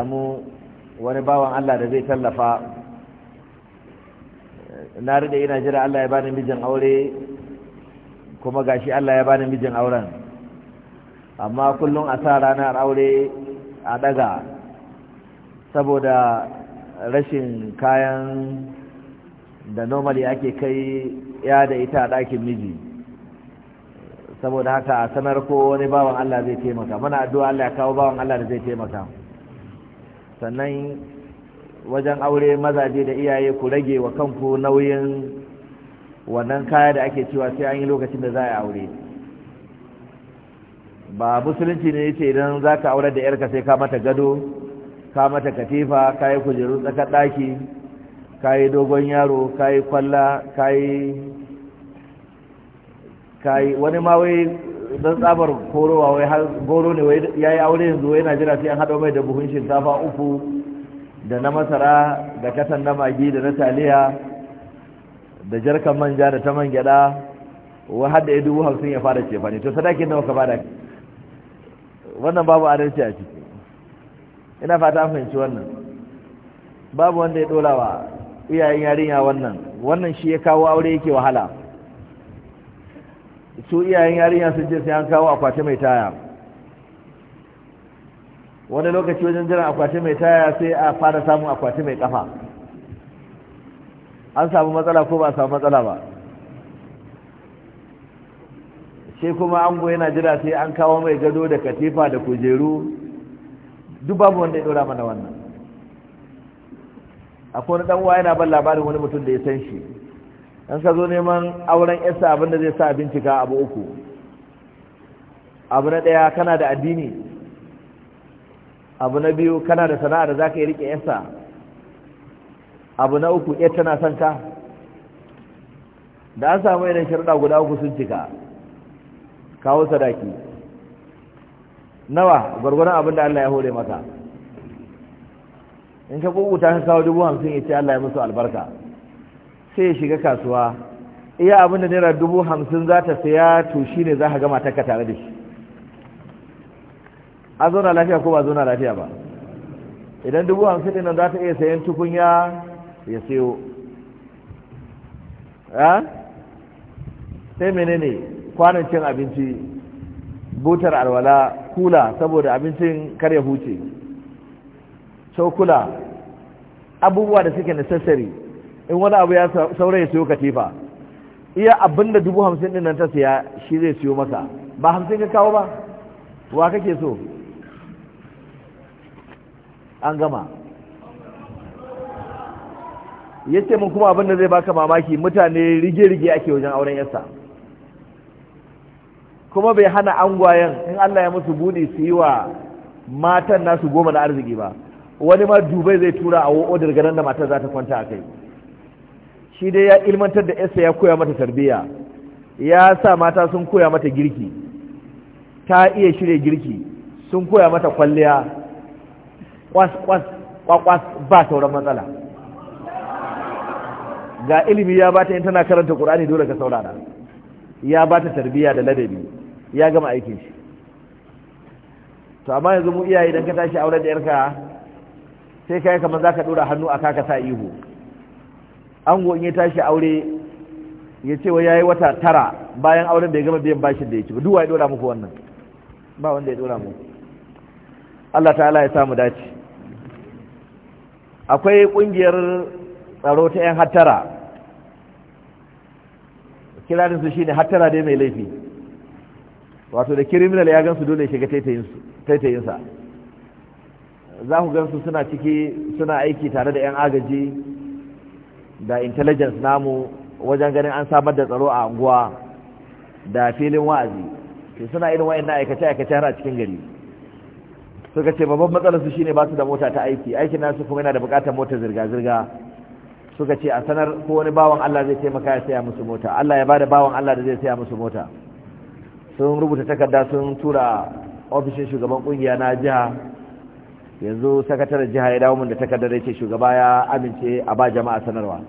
samu wani bawan Allah da zai tallafa na rida ina jira Allah ya bani mijin aure kuma gashi Allah ya bani mijin auren amma kullum a sa ranar aure a daga saboda rashin kayan da normally ake kai ya da ita a ɗakin miji saboda haka a sanar ko wani bawan Allah zai taimaka mana addu'a Allah ya kawo bawan Allah da zai taimaka sannan wajen aure mazaje da iyaye ku rage wa kanku nauyin wannan kaya da ake cewa sai an yi lokacin da za a aure ba musulunci ne ce idan za ka aure da yarka sai ka mata gado ka mata katifa ka yi kujeru tsakar ɗaki ka yi dogon yaro ka yi kwalla ka yi wani ma don tsabar korowa wai har goro ne ya yi aure yanzu yana jira sai an haɗo mai da buhun shinkafa uku da na masara da katan na magi da na taliya da jarkan manja da ta man gyada wai har da ya dubu hamsin ya fara cefa ne to sadakin nawa ka bada wannan babu adalci a ciki ina fata fahimci wannan babu wanda ya dolawa iyayen yarinya wannan wannan shi ya kawo aure yake wahala su iyayen yarinya sun ce sai an kawo akwati mai taya wani lokaci wajen jiran akwati mai taya sai a fara samun akwati mai kafa an samu matsala ko ba a samu matsala ba sai kuma an yana jira sai an kawo mai gado da katifa da kujeru duk babu wanda ya dora mana wannan akwai wani dan yana ban labarin wani mutum da ya san shi in ka zo neman auren isa abinda zai sa bincika abu uku abu na ɗaya kana da addini abu na biyu kana da sana'a da za ka yi riƙe isa abu na uku ya tana son ka da an samu idan shirɗa guda uku sun cika kawo sadaki nawa gwargwaron abin da Allah ya hore maka in ka kubuta ka kawo dubu hamsin ya ce Allah ya musu albarka sai ya shiga kasuwa iya abinda naira dubu hamsin za ta saya to shi ne za ka gama taka tare da shi a zauna lafiya ko ba zauna lafiya ba idan dubu hamsin ɗin za ta iya sayan tukunya ya sayo sai menene kwanan cin abinci butar alwala kula saboda abincin kar ya huce cokula abubuwa da suke sassari. in wani abu ya saura ya siyo katifa iya abin da dubu hamsin din nan ta siya shi zai siyo masa ba hamsin ka kawo ba wa kake so an gama yace mun kuma abin da zai baka mamaki mutane rige-rige ake wajen auren yasa kuma bai hana angwayen in Allah ya musu buɗe su yi wa matan nasu goma na arziki ba wani ma dubai zai tura a odar ganin da matar za ta kwanta a kai shi dai ya ilmantar da yarsa ya koya mata tarbiyya ya sa mata sun koya mata girki ta iya shirya girki sun koya mata kwalliya kwas kwas ba sauran matsala ga ilimi ya bata in tana karanta qur'ani dole ka saurara ya bata tarbiyya da ladabi ya gama aikin shi to amma yanzu mu iyaye idan ka tashi auren da yarka sai kai kamar zaka dora hannu aka ka sa ihu ango in ya tashi aure ya ce wa ya yi wata tara bayan auren bai gama biyan bashin da ya ci ba duwa ya dora muku wannan ba wanda ya dora muku Allah ta'ala ya samu dace akwai kungiyar tsaro ta yan hattara kiranin su shine hattara dai mai laifi wato da kiriminal ya gansu dole shiga taitayinsa za ku gansu suna ciki suna aiki tare da yan agaji da intelligence namu wajen ganin an samar da tsaro a unguwa da filin wa'azi suna irin wa'in na aikace-aikace har a cikin gari suka ce babban matsalarsu shine ba su da mota ta aiki aikin nasu kuma yana da bukatar mota zirga-zirga suka ce a sanar ko wani bawan Allah zai taimaka ya saya musu mota Allah ya bada bawan Allah da zai saya musu mota sun rubuta takarda sun tura ofishin shugaban kungiya na jiha yanzu sakataren jiha ya dawo mun da takardar yake shugaba ya amince a ba jama'a sanarwa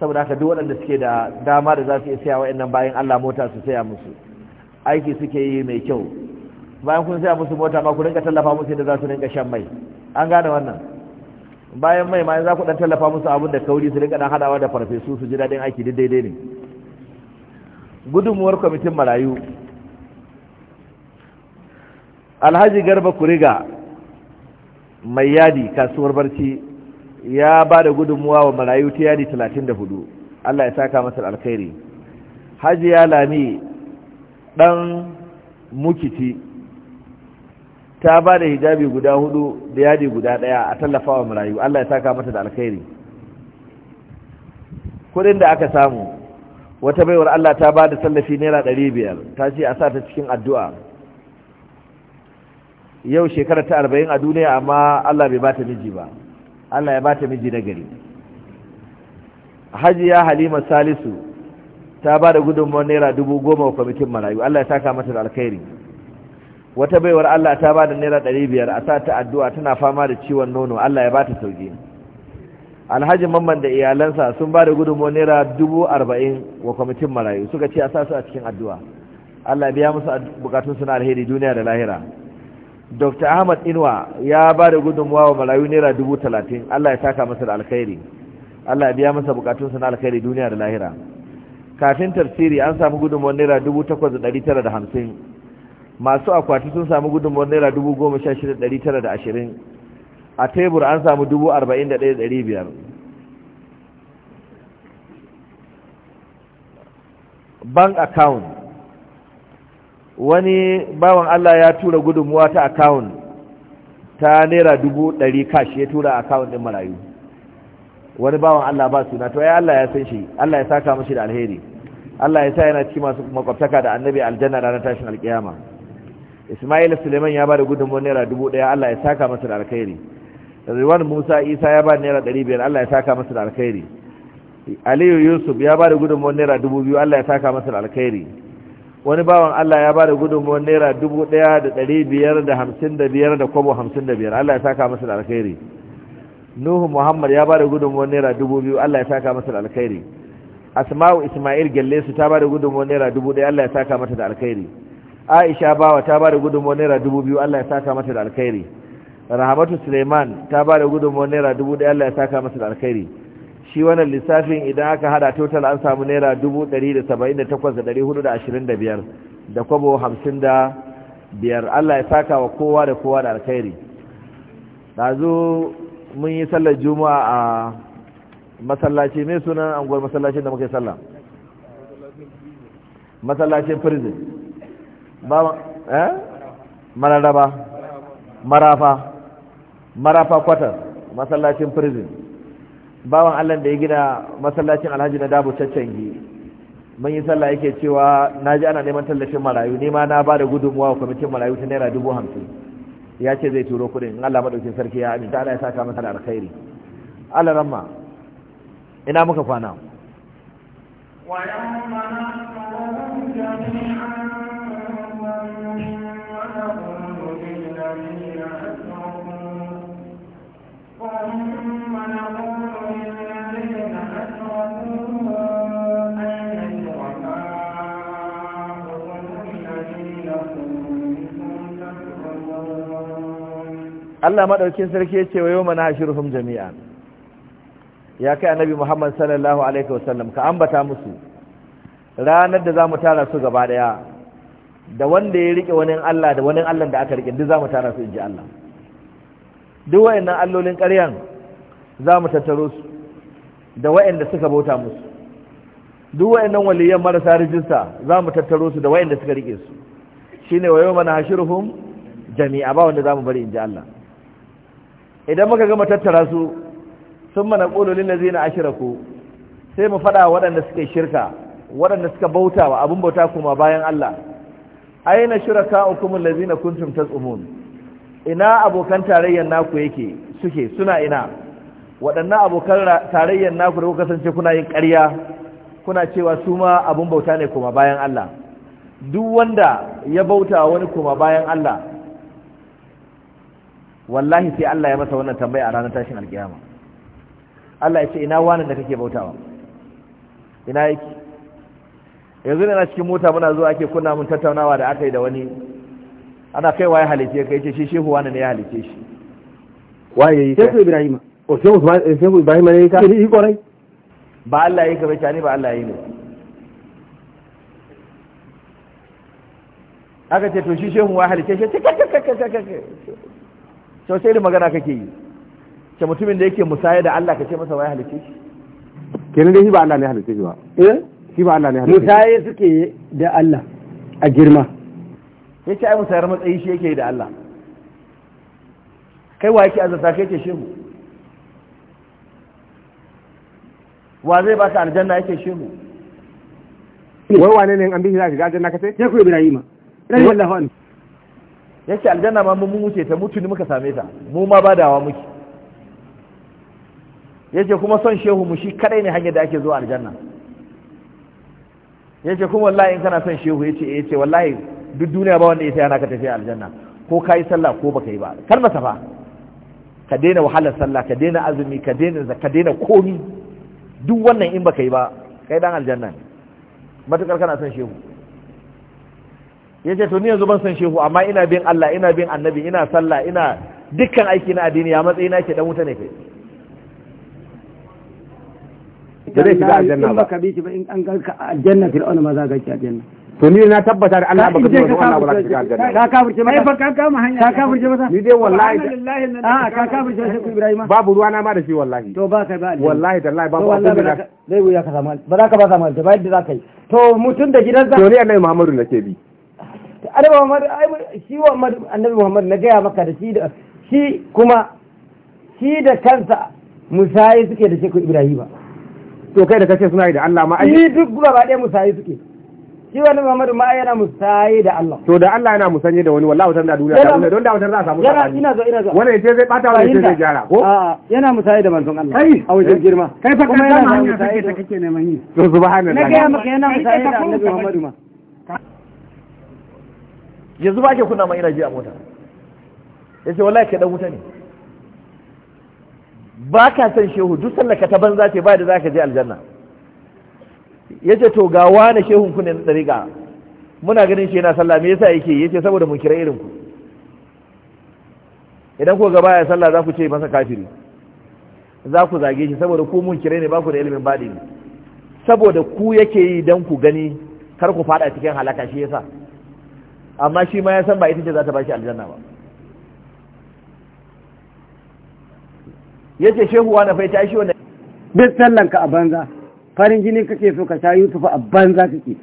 saboda haka duk waɗanda suke da dama da za su iya saya wa'annan bayan Allah mota su saya musu aiki suke yi mai kyau bayan kun saya musu mota ma ku rinka tallafa musu yadda za su rinka shan mai an gane wannan bayan mai ma za ku dan tallafa musu abin da kauri su rinka dan hadawa da farfesu su ji daɗin aiki duk daidai ne gudunmuwar kwamitin marayu alhaji garba kuriga mai yadi kasuwar barci ya ba da gudunmuwa wa marayu ta yadi 34 Allah ya saka masa alkhairi hajiya lami ɗan mukiti ta ba da hijabi guda hudu da yadi guda ɗaya a tallafa wa marayu Allah ya saka mata da alkhairi kudin da aka samu wata baiwar Allah ta ba da tallafi naira biyar ta ce a sa ta cikin addu'a yau shekara ta arba'in a duniya amma Allah bai bata miji ba Allah ya bata miji na gari hajiya halima salisu ta ba da gudunmuwar naira dubu goma wa kwamitin marayu Allah ya saka mata da alkhairi wata baiwar Allah ta ba da naira ɗari biyar a sa ta addu'a tana fama da ciwon nono Allah ya bata sauki alhaji mamman da iyalansa sun ba da gudunmuwar naira dubu arba'in wa kwamitin marayu suka ce a sa su a cikin addu'a Allah biya musu bukatunsu na alheri duniya da lahira dr ahmad inuwa ya ba da gudunmuwa wa marayu naira dubu talatin allah ya saka masa da alkhairi allah ya biya masa bukatunsa na alkhairi duniya da lahira kafin tafsiri an samu gudunmuwa naira dubu takwas da dari tara da hamsin masu akwati sun samu gudunmuwa naira dubu goma sha shida dari tara da ashirin a tebur an samu dubu arba'in da ɗaya dari biyar bank account wani bawan Allah ya tura gudunmuwa ta akawun ta naira dubu ɗari kashi ya tura akawun ɗin marayu wani bawan Allah ba suna to ya Allah ya san shi Allah ya saka mashi da alheri Allah ya sa yana ciki masu makwabtaka da annabi aljanna ranar tashin alƙiyama. Ismail Suleiman ya ba da gudunmuwa naira dubu ɗaya Allah ya saka masa da alkhairi Rizwan Musa Isa ya ba da naira ɗari biyar Allah ya saka masa da alkhairi Aliyu Yusuf ya ba da gudunmuwa naira dubu biyu Allah ya saka masa da alkhairi wani bawan Allah ya bada gudunmuwar naira dubu ɗaya da ɗari biyar da hamsin da biyar da kwabo hamsin da biyar Allah ya saka masa da alkhairi Nuhu Muhammad ya bada gudunmuwar naira dubu biyu Allah ya saka masa da alkhairi Asma'u Ismail Gellesu ta bada gudunmuwar naira dubu ɗaya Allah ya saka mata da alkhairi Aisha Bawa ta bada gudunmuwar naira dubu biyu Allah ya saka mata da alkhairi Rahmatu Suleiman ta bada gudunmuwar naira dubu ɗaya Allah ya saka masa da alkhairi shi wannan lissafin idan aka hada total an samu naira 178,425 da kwabo 55 Allah ya saka wa kowa da kowa da alkhairi dazu mun yi sallar juma'a a masallaci mai sunan anguwar masallacin da muka yi sallah masallacin prison ba eh mararaba marafa marafa kwatar masallacin prison bawan Allah da ya gina masallacin alhaji na dabu caccangi mun yi sallah yake cewa na ji ana neman tallafin marayu nima na ba da gudunmuwa wa kwamitin marayu ta naira dubu hamsin ya ce zai turo kudin in Allah maɗauki sarki ya aminta Allah ya saka masa da alkhairi Allah ramma ina muka kwana ويوم نحشرهم Allah madaukin sarki yace wa yawma nahshuruhum jami'a ya kai annabi Muhammad sallallahu alaihi wasallam ka ambata musu ranar da zamu tara su gaba daya da wanda ya rike wani Allah da wani Allah da aka rike duk zamu tara su inji Allah duk wayannan allolin ƙaryan zamu tattaro su da wayanda suka bauta musu duk wayannan waliyan marasa rijista zamu tattaro su da wayanda suka rike su shine wa yawma nahshuruhum jami'a ba wanda zamu bari inji Allah idan muka gama tattara su sun mana ƙololin da zai na ku. sai mu faɗa waɗanda suka shirka waɗanda suka bauta wa abin bauta kuma bayan Allah aina shiraka hukumun lazina kuntum tsumun ina abokan tarayyar naku yake suke suna ina waɗannan abokan tarayyar naku da kuka kasance kuna yin ƙarya kuna cewa su ma abin bauta ne kuma bayan Allah duk wanda ya bauta wani kuma bayan Allah wallahi sai Allah ya masa wannan tambaya a ranar tashin alkiyama Allah ya ce ina wani da kake bautawa ina yake yanzu ina cikin mota muna zuwa ake kunna mun tattaunawa da aka yi da wani ana kai ya halice kai ce shi shehu wani ne ya halice shi waye yi sai Ibrahim o sai Usman sai Ibrahim ne ka ni korai ba Allah yake ba ne ba Allah yake ne aka ce to shi shehu wa halice shi sau sai magana kake yi ce mutumin da yake musaya da Allah ka ce masa wai halitta shi kenan dai shi ba Allah ne halitta shi ba eh shi ba Allah ne shi musaya suke da Allah a girma yace ai musayar matsayi shi yake da Allah kai wa yake azata kai ce shehu wa zai baka aljanna yake shehu wai wane ne an bi shi za ka ga aljanna kace ku ibrahima radiyallahu anhu yace aljanna ma mun wuce ta mutu ne muka same ta mu ma badawa muke yace kuma son shehu mu shi kadai ne hanyar da ake zuwa aljanna yace kuma wallahi in kana son shehu yace eh, yace wallahi duk duniya ba wanda yace yana ka tafi aljanna ko kai sallah ko baka yi ba kar masa safa ka daina wahalar sallah ka daina azumi ka daina zakka daina komi duk wannan in baka yi ba kai dan aljanna ne matukar kana son shehu yace to ni yanzu ban san shehu amma ina bin Allah ina bin annabi ina sallah ina dukkan aiki na addini ya matsayi na ke dan wuta ne kai dare shi ga aljanna ba ka bi shi ba in an ganka aljanna fir'auna ma za ka ci aljanna to ni na tabbata da Allah baka zuwa wannan wala shiga aljanna ka kafirce mata fa ka kama hanya ka kafirce mata ni dai wallahi a ka kafirce shi Ibrahim babu ruwa na ma da shi wallahi to ba kai ba wallahi tallahi babu abin da dai wuya ka samu ba za ka ba samu ba yadda za ka yi to mutun da gidan za to ni annabi Muhammadu nake bi annabi Muhammad shi Muhammad annabi Muhammad na gaya maka da shi da shi kuma shi da kansa musayi suke da Sheikh ibrahima. to kai da kace suna yi da Allah ma ai duk gaba ɗaya musayi suke shi wani Muhammad ma yana musayi da Allah to da Allah yana musanye da wani wallahi wutar da duniya da don da wutar za a samu sabani ina zo ina zo wani yace zai bata wani ce zai gyara ko yana musayi da manzon Allah kai a wajen girma kai fa kuma yana musayi da kake neman yi to subhanallah na ga maka yana musayi da Annabi Muhammad ma yanzu ba ke kunna ma ina ji a mota ya ce wallahi ke dan wuta ne ba ka san shehu duk sallar ka ta banza ce ba da za ka je aljanna ya ce to ga wane shehun ku ne na ɗariƙa muna ganin shi yana sallah me yasa yake ya ce saboda mun kira irin ku idan ko gaba ya sallah za ku ce masa kafiri za ku zage shi saboda ku mun kira ne ba ku da ilimin baɗi ne saboda ku yake yi don ku gani kar ku faɗa cikin halaka shi yasa amma shi ma ya san ba ita ce za ta ba shi aljanna ba yace shehu wa na fai ta shi wannan duk sallan ka a banza farin jini kake so ka sha yusufa a banza kake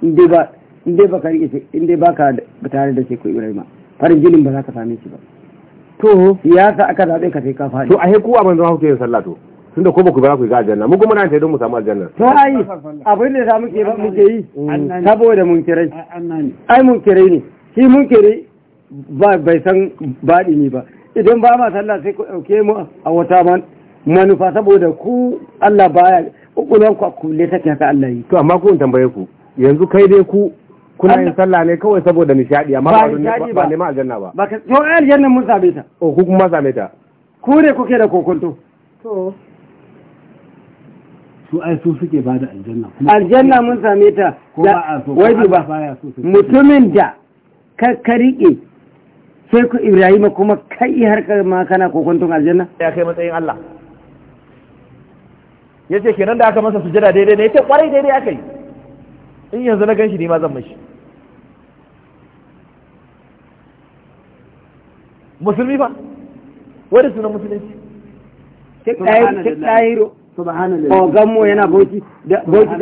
inde ba inde ba ka rike inde ba ka tare da sheku ibrahima farin jinin ba za ka same shi ba to ya sa aka zaɓe ka sai ka faɗi to a heku a banza ku kuke yin sallah to tunda ko baku ba ku ga aljanna mun kuma na ta don mu samu aljanna to ai abin da za ke ba muke yi saboda mun kirai ai mun kirai ne shi mun kirai ba bai san baɗi ne ba idan ba ma sallah sai ku dauke mu a wata man manufa saboda ku Allah baya ukulan ku kulle take ka Allah yi to amma ku tambaye ku yanzu kai dai ku kuna yin sallah ne kawai saboda nishadi amma ba ba neman aljanna ba ba to aljanna mun same ta o oh, ku kuma same ta ku ne kuke da kokonto to su ai su suke ba da aljanna aljanna mun same ta wai ba mutumin da ka ka rike sai ku ibrahima kuma kai har ka ma kana kokonton aljanna ya kai matsayin Allah yace kenan da aka masa sujada daidai ne yace kwarai daidai aka yi in yanzu na ganshi ne ma zan mashi musulmi fa wani sunan musulunci Tek ɗayiro, subhanallah ogan mu yana bauchi bauchi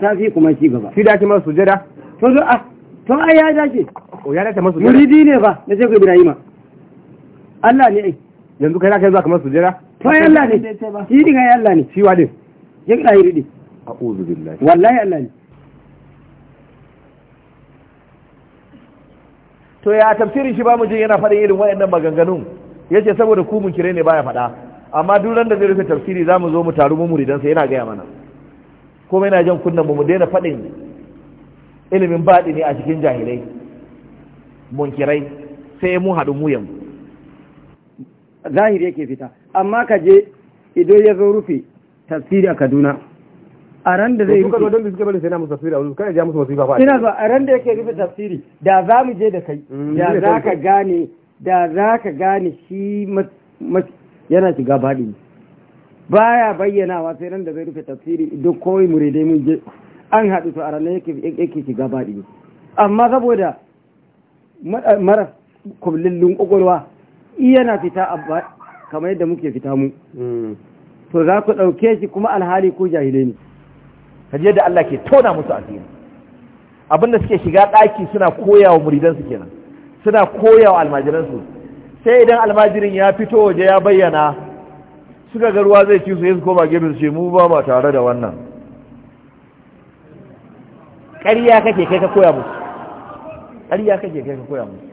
ta fi kuma shi gaba shi da ake masa sujada to zo a ah, to ai ya dace o ya dace masa sujada muridi ne ba na sai ku ibrahima Allah ne ai yanzu kai zaka yi zaka masa sujada to ai Allah ne shi dinga ai Allah ne shi wa din ya kira yi ridi. a'udhu billahi wallahi Allah ne to ya tafsirin shi ba mu jin yana faɗin irin waɗannan maganganun yace saboda ku mun kire ne baya faɗa amma duk ran da zai rufe tafsiri za mu zo mu taru mu muridan sa yana gaya mana kuma yana jan kunnan mu mu daina faɗin ilimin baɗi ne a cikin jahilai munkirai sai mu haɗu mu yan zahiri yake fita amma ka je idan ya zo rufe tafsiri a kaduna a ran da zai rufe don da suke bari sai na musu tafsiri a wurin kai ja musu wasifa ba ina zo a ran da yake rufe tafsiri da za mu je da kai mm, da za ka gane da za ka gane shi yana shiga baɗi bayyana wa sai ran da zai rufe tafsiri duk kawai muridai mun je an haɗu to a ranar yake shiga baɗi amma saboda mara kullun ƙwaƙwalwa yana fita kamar yadda muke fita mu hmm. to za ku ɗauke shi kuma alhali ko jahilai ne kaji yadda Allah ke tona musu asiri abinda suke shiga ɗaki suna koyawa muridansu kenan suna koyawa almajiransu sai idan almajirin ya fito waje ya bayyana suka ga ruwa zai ci su yanzu koma gefe su ce mu ba ma tare da wannan ƙarya kake kai ka koya musu ƙarya kake kai ka koya musu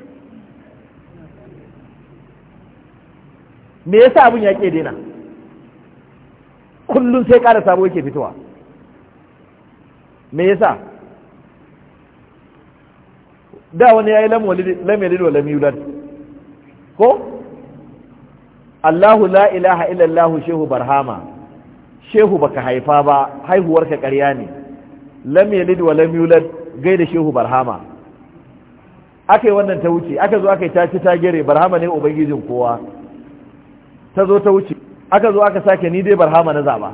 me yasa abin ya ke dena kullum sai ƙara sabo yake fitowa me ya sa da wani ya yi lamwalid wa lamiyulad ko Allahu la ilaha illallahu shehu barhama shehu baka haifa ba haihuwarka ƙarya ne lam yalid wa lam yulad gaida shehu barhama aka yi wannan ta wuce aka zo aka yi taci ta gere barhama ne ubangijin kowa ta zo ta wuce aka zo aka sake ni dai barhama na zaba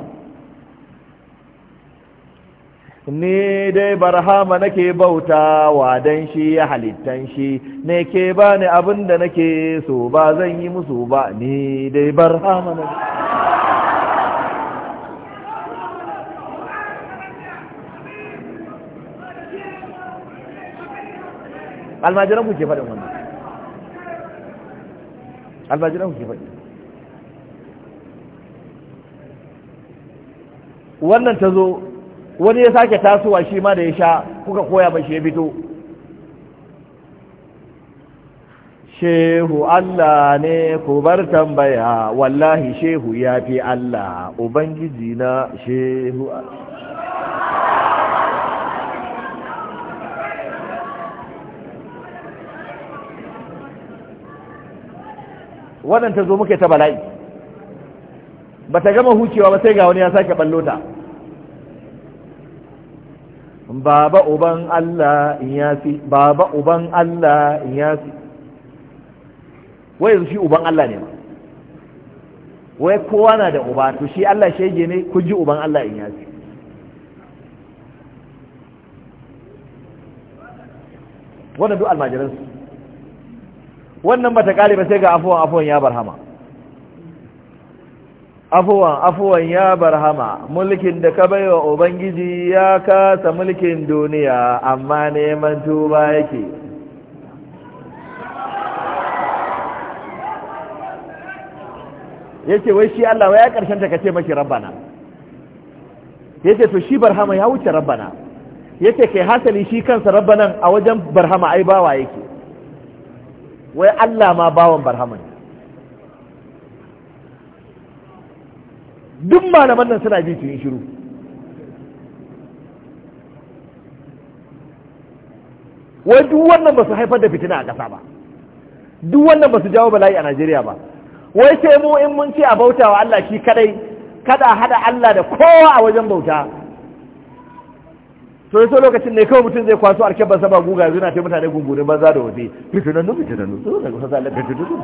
ni dai barhama nake bauta wa dan shi ya halittan shi ne ke ba ni abin da nake so ba zan yi musu ba ni dai barhama nake almajiran ku ke faɗin wannan almajiran ku ke faɗi wannan ta zo wani ya sake tasowa shi ma da ya sha kuka koya mashi ya fito shehu Allah ne ku bar tambaya wallahi shehu ya fi Allah ubangiji na shehu wannan ta zo muke ta bala'i ba ta gama hucewa ba sai ga wani ya sake ballota baba uban Allah ya fi baba uban Allah ya fi wai shi uban Allah ne wai kowa na da uba to shi Allah shege ne kun ji uban Allah in ya fi wannan duk almajiransu wannan bata kare ba sai ga afuwan afuwan ya barhama afuwan afuwan ya barhama mulkin da ka baiwa ubangiji ya kasa mulkin duniya amma neman tuba yake yace wai shi Allah wai ya karshen ta kace maki rabbana yace to shi barhama ya wuce rabbana yace kai hasali shi kansa rabbanan a wajen barhama ai bawa yake wai Allah ma bawan barhama ne duk malaman nan suna bi tun shiru wai duk wannan ba su haifar da fitina a ƙasa ba duk wannan ba su jawo bala'i a Najeriya ba wai sai mu in mun ce a bauta wa Allah shi kadai kada hada Allah da kowa a wajen bauta to yaso lokacin ne kawai mutum zai kwaso ba saba guga zuna ta mutane gungunin banza da waje fitinannu fitinannu su ne kusa zalar fitinannu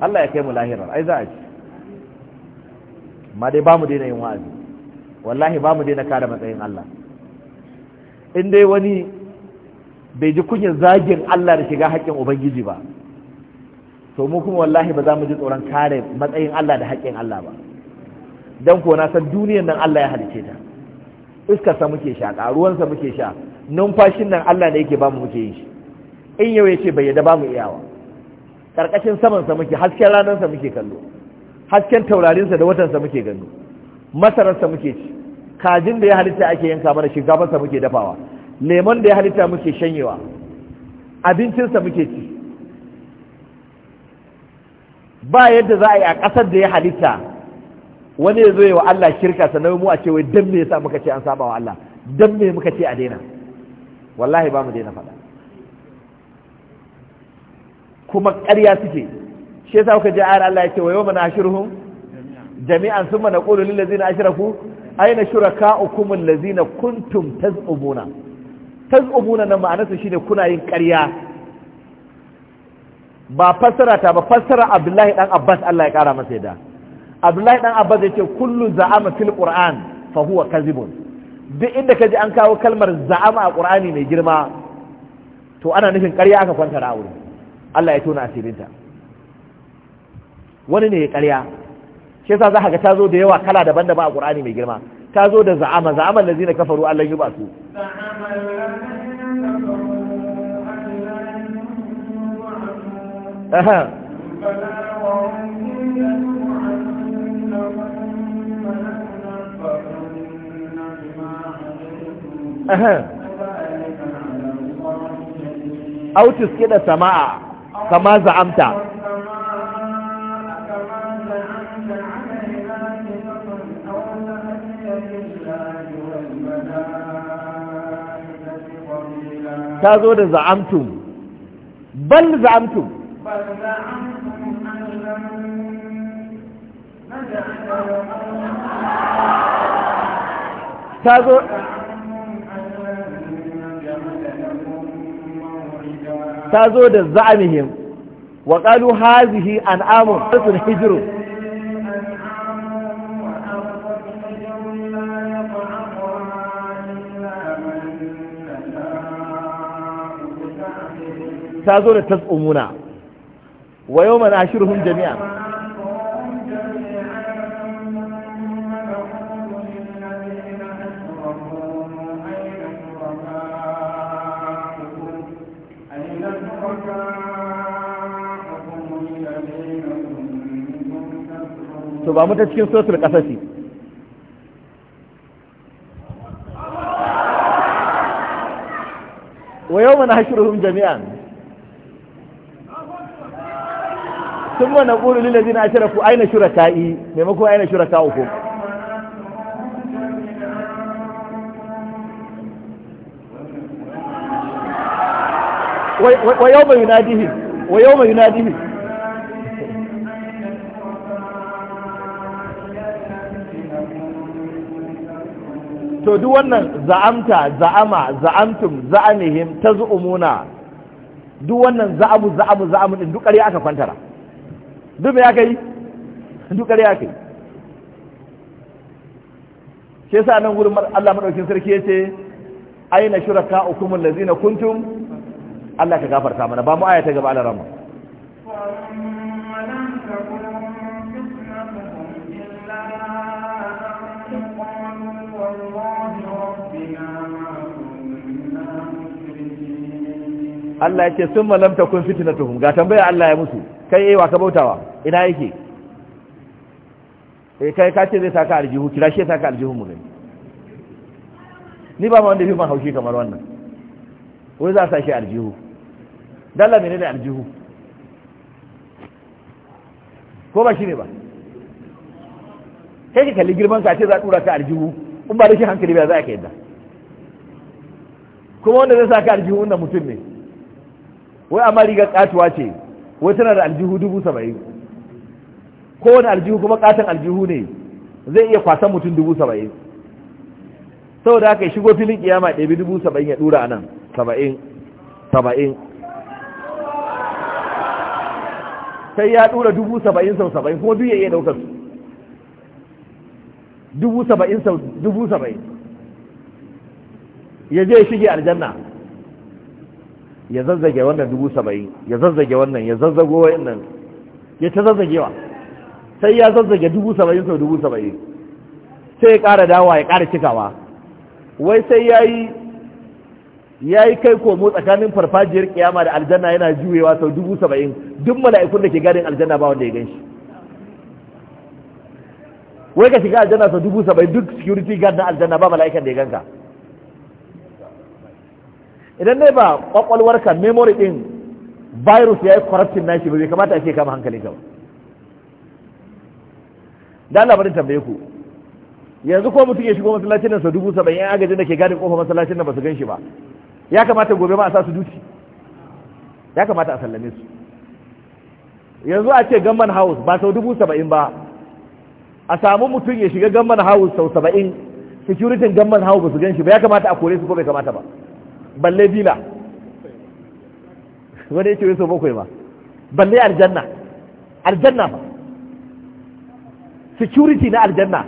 Allah ya kai mu lahira, ai za a ci ma dai ba mu daina yin wa'azi wallahi ba mu daina kare matsayin Allah in dai wani bai ji kunyar zagin Allah da shiga haƙƙin ubangiji ba to mu kuma wallahi ba za mu ji tsoron kare matsayin Allah da haƙƙin Allah ba dan ko na san duniyar nan Allah ya halice ta iskar sa muke sha ruwan sa muke sha numfashin nan Allah ne yake ba mu muke yi shi in yau yace bai yadda ba mu iyawa ƙarƙashin samansa muke hasken ranarsa muke kallo hasken taurarinsa da watansa muke gano masararsa muke ci kajin da ya halitta ake yanka mana sa muke dafawa lemon da ya halitta muke shanyewa abincinsa muke ci ba yadda za a yi a ƙasar da ya halitta wani ya zo yi wa Allah shirka sannan mu a ce wai dan me yasa muka ce an saba wa Allah dan me muka ce a daina wallahi ba mu daina faɗa kuma ƙarya suke shi yasa kuka ji ayar Allah ya ce wa yawma nahshuruhum jami'an sun thumma naqulu lil ladzina ashraku aina shurakaukum allazina kuntum taz'ubuna taz'ubuna nan ma'anarsa shine kuna yin ƙarya ba fassara ta ba fassara Abdullahi dan Abbas Allah ya kara masa yadda Abdullahi dan Abbas yace kullu za'ama fil Qur'an fa huwa kadhibun duk inda kaji an kawo kalmar za'ama a Qur'ani mai girma to ana nufin ƙarya aka kwanta da aure Allah ya tona asirinta wani ne ya karya shi yasa za ga ta zo da yawa kala daban-daban a Qur'ani mai girma ta zo da za'ama za'aman zina kafaru Allah ya ba su aha aha autis kida sama'a kama za'amta ta zo da za'amtum bal za'amtum ta zo ta zo da وقالوا هذه أنعام حرث الحجر تازون التزؤمون ويوم ناشرهم جميعا ba mu ta cikin suratul qasasi wa yau yawma nahshuruhum jami'an thumma naqulu lil ladzina ashraku maimakon aina maimako ayna shuraka'ukum wa yau yawma yunadihim wa yawma yunadihim to duk wannan za'amta za'ama za'amtum za'anihim taz'umuna duk wannan za'amu za'amu za'amu din duk ƙarya aka kwantara duk me aka yi duk ƙarya aka yi shi yasa nan gurin Allah madaukin sarki yace aina shuraka'ukum allazina kuntum Allah ka gafarta mana ba mu aya ta gaba Allah mu Allah ya ce sun malam ta fitina tuhum. ga tambaya Allah ya musu kai eh wa ka bautawa ina yake eh kai ka ce zai saka aljihu kira shi saka aljihu mu gani ni ba ma wanda fi haushi kamar wannan wai za a sa shi aljihu dalla menene aljihu ko ba shi ne ba kai ka kalli girman ka ce za a dura ka aljihu in ba da shi hankali ba za a ka yadda kuma wanda zai saka aljihu wannan mutum ne wai amma rigar katuwa ce wai tana da aljihu dubu saba'in kowane aljihu kuma katon aljihu ne zai iya kwasan mutum dubu saba'in saboda haka shigo filin kiyama ɗabi dubu saba'in ya ɗura a nan saba'in saba'in sai ya ɗura dubu saba'in sau saba'in kuma duk ya iya ɗaukar su dubu saba'in sau dubu saba'in ya je shige aljanna ya zazzage wannan dubu saba'in ya zazzage wannan ya zazzago wannan ya ta zazzagewa sai ya zazzage dubu saba'in sau dubu saba'in sai ya ƙara dawa ya ƙara cikawa wai sai ya yi ya yi kai komo tsakanin farfajiyar kiyama da aljanna yana juyewa sau dubu saba'in duk mala'ikun da ke gadin aljanna ba wanda ya gan shi wai ka shiga aljanna sau dubu saba'in duk security guard na aljanna ba mala'ikan da ya ganka idan dai ba kwakwalwarka memory din virus ya yi corruption shi ba bai kamata ake ce kama hankali ba da labarin tambaye ku yanzu ko mutum ya shigo masallacin nan su dubu saba'in yan agajin da ke gadin kofar masallacin nan ba su ganshi ba ya kamata gobe ma a sa su duci ya kamata a sallame su yanzu a ce gamman house ba sau dubu saba'in ba a samu mutum ya shiga gamman house sau saba'in security gamman house ba su gan shi ba ya kamata a kore su ko bai kamata ba balle villa wani yake so bakwai ba balle aljanna aljanna ba security na aljanna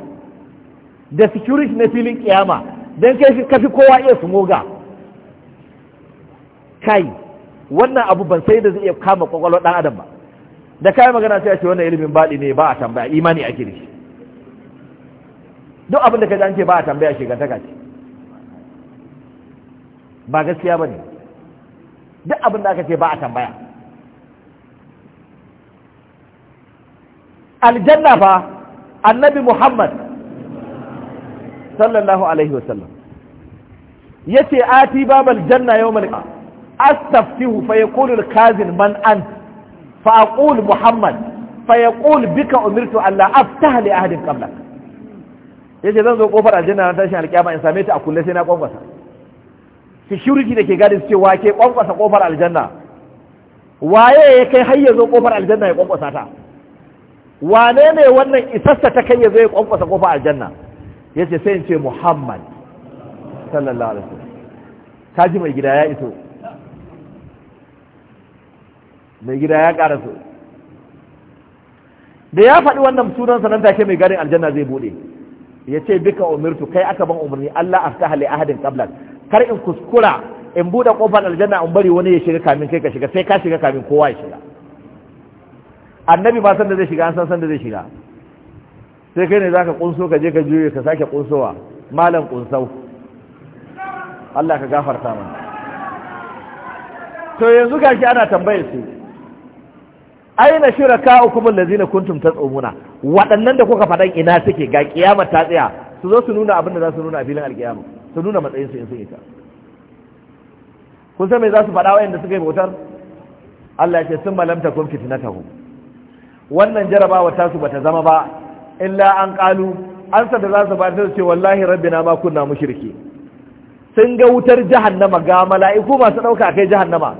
da security na filin kiyama don kai kafi kowa iya su moga kai wannan abu ban sai da zai iya kama kwakwalwa dan adam ba da kai magana sai a ce wannan ilimin baɗi ne ba a tambaya imani ake kiri duk abin da ka ji an ce ba a tambaya ta kaci ba gaskiya ba ne duk abin da aka ce ba a tambaya aljanna fa annabi muhammad sallallahu alaihi wasallam ya ce ati babal janna yau malika astaftihu fa ya kulul kazin man an fa aqul muhammad fa ya bika umirtu allah aftaha li ahadin Ya ce zan zo kofar aljanna na tashin alkiyama in same ta a kulle sai na kwankwasa shirki da ke gadi su ce wa ke kwankwasa kofar aljanna waye ya kai har ya zo kofar aljanna ya kwankwasa ta wane ne wannan isassa ta kai ya zo ya kwankwasa kofar aljanna ya ce sai in ce muhammad sallallahu alaihi wasallam kaji mai gida ya iso mai gida ya ƙara so da ya faɗi wannan sunan nan take mai garin aljanna zai bude ya ce bika umirtu kai aka ban umarni Allah ta li ahadin qablak kar in kuskura in buɗe ƙofar aljanna in bari wani ya shiga kamin kai ka shiga sai ka shiga kamin kowa ya shiga annabi ma san da zai shiga an san san da zai shiga sai kai ne za ka kunso ka je ka juye ka sake kunsowa malam kunsau Allah ka gafarta mana to yanzu gashi ana tambayar su aina shuraka'ukum allazina kuntum tsomuna, waɗannan da kuka faɗan ina suke ga kiyama ta tsaya su zo su nuna abin da za su nuna a filin alkiyama su nuna matsayinsu in sun yi ta kun san me za su faɗa wa'anda suka yi bautar Allah ya ce sun malamta kun fitinatahu wannan jarabawa tasu bata zama ba illa an kalu an sa da za su su ce wallahi rabbina ma kunna mushriki sun ga wutar jahannama ga mala'iku masu ɗauka kai jahannama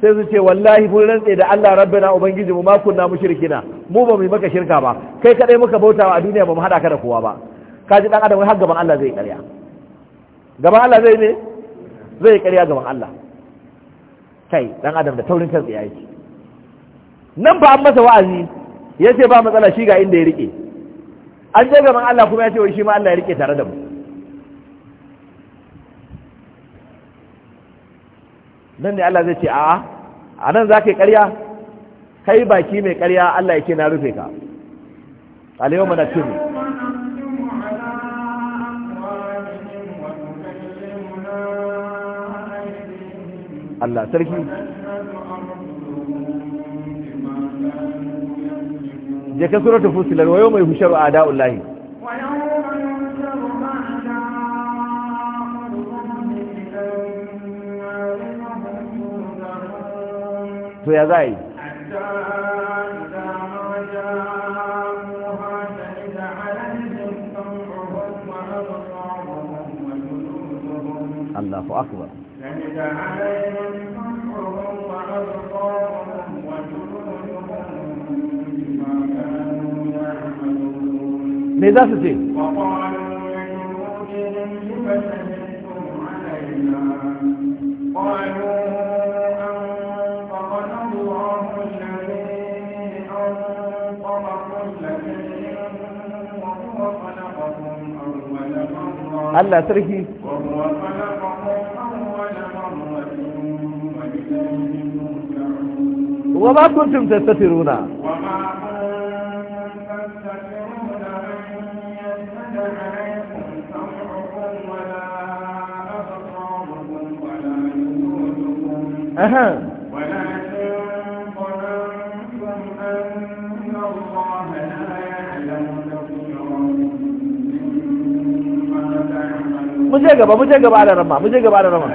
sai su ce wallahi mun rantse da Allah rabbina ubangiji mu ma kunna na mu ba mu maka shirka ba kai kadai muka bautawa a duniya ba mu hada ka da kowa ba kaji dan adam har gaban Allah zai karya gaban Allah zai ne zai ƙarya gaban Allah kai dan adam da taurin kansa ya yi nan ba an masa wa'azi ya ce ba matsala shi ga inda ya rike an je gaban Allah kuma ya ce wai shi ma Allah ya rike tare da mu nan ne Allah zai ce a'a a nan za ka yi ƙarya kai baki mai ƙarya Allah ya ce na rufe ka alayyau mana tuni Allah sarki je ka suratu fusilar wayo mai husharu a da'ullahi to ya za yi Allahu akbar me za su ce Allah sarki wa ba kuntum tastatiruna mu gaba mu je gaba da rama mu je gaba da rama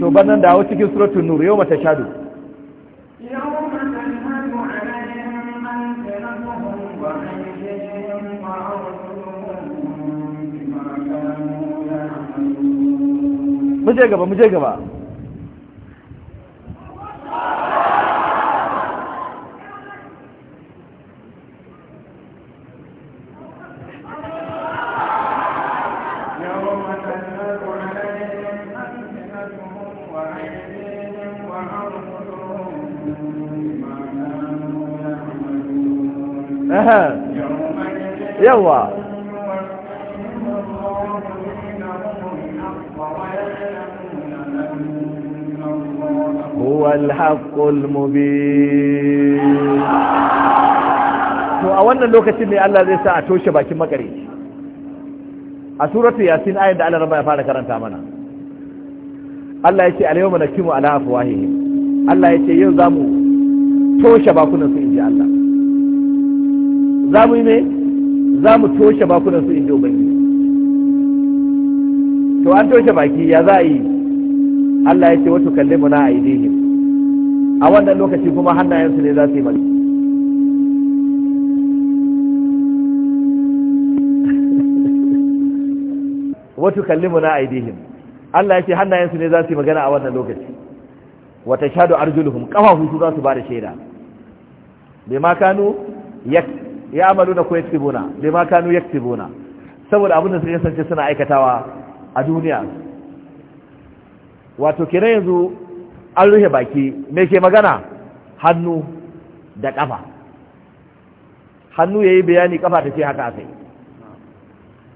to bannan dawo cikin suratul nur yau mata shadu 没这个吧，没这个吧。哎哈，要哇。الحق المبين to a wannan lokacin ne Allah zai sa a toshe bakin makare a suratu yasin ayat da Allah rabba ya fara karanta mana Allah yake al-yawma nakimu ala afwahihim Allah yake yau zamu toshe bakunan su inji Allah zamu yi ne zamu toshe bakunan su inji ubangiji to an toshe baki ya za a yi Allah ya ce wato kalle mu na aidihim a wannan lokaci kuma hannayensu ne za su yi bari wato kallimu na aidihim Allah ya ce hannayensu ne za su yi magana a wannan lokaci wata shaɗu arjuluhum ƙafa su za su ba da shaida bai ma kanu ya amalu na ko yaktibuna bai ma kanu yaktibuna saboda abin da sun kasance suna aikatawa a duniya wato kenan yanzu an rufe baki me ke magana hannu da ƙafa hannu ya yi bayani ƙafa ta ce haka aka yi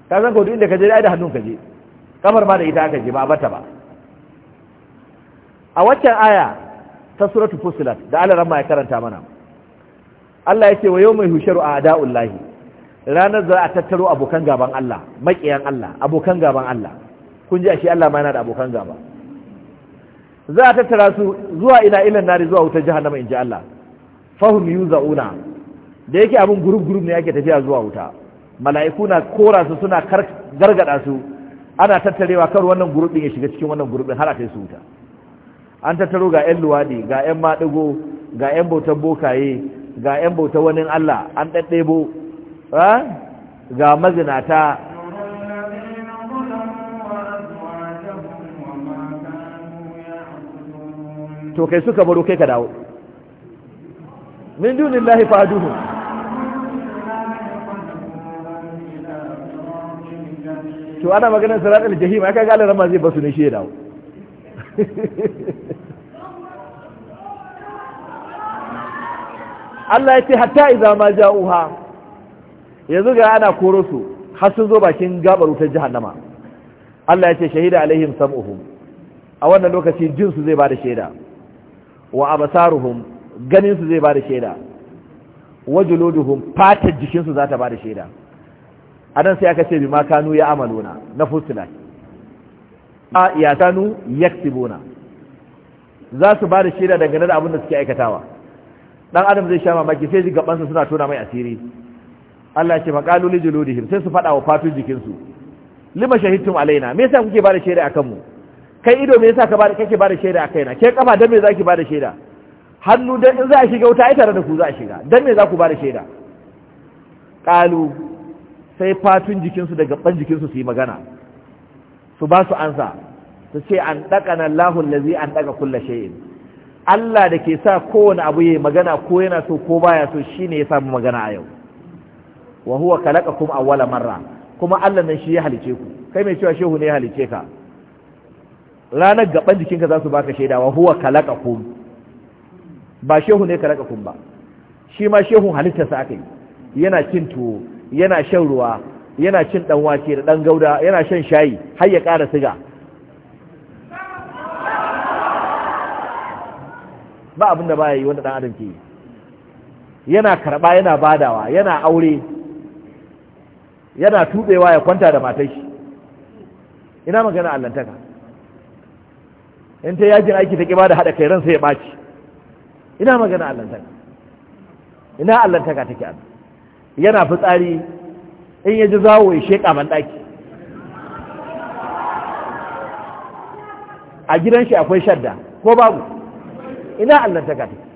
ka san ko inda ka je da hannun ka je kafar ma da ita aka je ba bata ba a waccan aya ta suratu fusilat da Allah ramma ya karanta mana Allah ya ce wa yawma yuhsharu a'da'ullahi ranar za a tattaro abokan gaban Allah maƙiyan Allah abokan gaban Allah kun ji a shi Allah ma yana da abokan gaba za a tattara su zuwa ina ilan nari zuwa wutar jahannama in ji Allah yi Za'una. da yake abin gurub gurub ne yake tafiya zuwa wuta mala'iku na kora su suna gargada su ana tattarewa kar wannan gurub ya shiga cikin wannan gurub har a kai su wuta an tattaro ga yan luwaɗi, ga yan maɗigo ga yan bautan bokaye ga yan bautan wani Allah an ɗaɗɗebo ah, ga mazinata to kai suka baro kai ka dawo min dunin lahi faduhu to ana maganar sirat al-jahim aka ga alarama zai basu ne shi ya dawo Allah ya ce hatta idza ma ja'uha yanzu ga ana koro su har sun zo bakin gabar wutar jahannama Allah ya ce shahida alaihim sam'uhum a wannan lokaci jinsu zai bada shaida wa abasaruhum ganin su zai bada shaida wa juluduhum fatar jikin su za ta bada shaida anan sai aka ce bi ma kanu ya amaluna na fusila a ya kanu yaktibuna za su bada shaida dangane da abin da suke aikatawa dan adam zai sha mamaki sai ji su suna tona mai asiri Allah ya ce maqalu li juludihim sai su fada wa fatu jikin su lima shahidtum alaina me yasa kuke bada shaida akan mu kai ido me yasa ka kake ba da shaida kai na ke kafa dan me zaki ba da shaida hannu dan in za a shiga wuta ai tare da ku za a shiga dan me za ku ba da shaida Ƙalu sai fatun jikinsu da ban jikinsu su yi magana su ba su ansa su ce an ɗaka na lahun zai an ɗaka kulla shayin Allah da ke sa kowane abu ya magana ko yana so ko baya so shi ne ya samu magana a yau wa huwa kalaka kuma awwala marra kuma Allah nan shi ya halice ku kai mai cewa shehu ne ya halice ka ranar gaban jikinka za su baka shaidawa huwa kun ba shehu ne kun ba shi ma shehun halittarsa aka yi yana cin tuwo yana shan ruwa yana cin dan wake da dan gauda yana shan shayi har ya ƙara siga ba abin da baya yi wanda dan adam ke yi yana karɓa, yana badawa yana aure yana tubewa ya kwanta da matashi. shi ina magana allantaka in ta yajin aiki ta kima da haɗa kai ransa ya ɓaci ina magana allantaka ina allantaka take an yana fitsari in ya ji zawo ya sheƙa man ɗaki a gidan shi akwai shadda ko babu ina allantaka take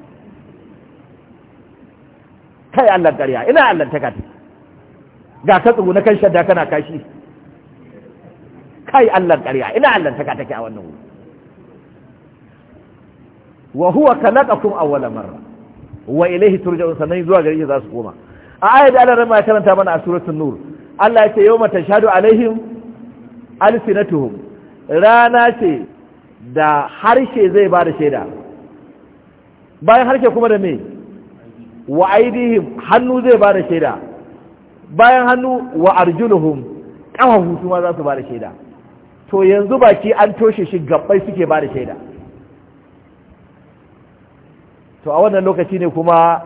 kai allan ƙarya ina allantaka take ga ka na kan shadda kana kashi kai allan ƙarya ina allantaka take a wannan wuri wa huwa khalaqakum awwala marra wa ilayhi turja'un sanai zuwa gare shi za koma a ayat Allah ran ma karanta mana a suratul nur Allah ya ce yawma tashhadu alaihim alsinatuhum rana ce da harshe zai ba da shaida bayan harshe kuma da me wa aidihim hannu zai bada da shaida bayan hannu wa arjuluhum kafafu kuma za su ba shaida to yanzu baki an toshe shi gabbai suke bada da shaida to a wannan lokaci ne kuma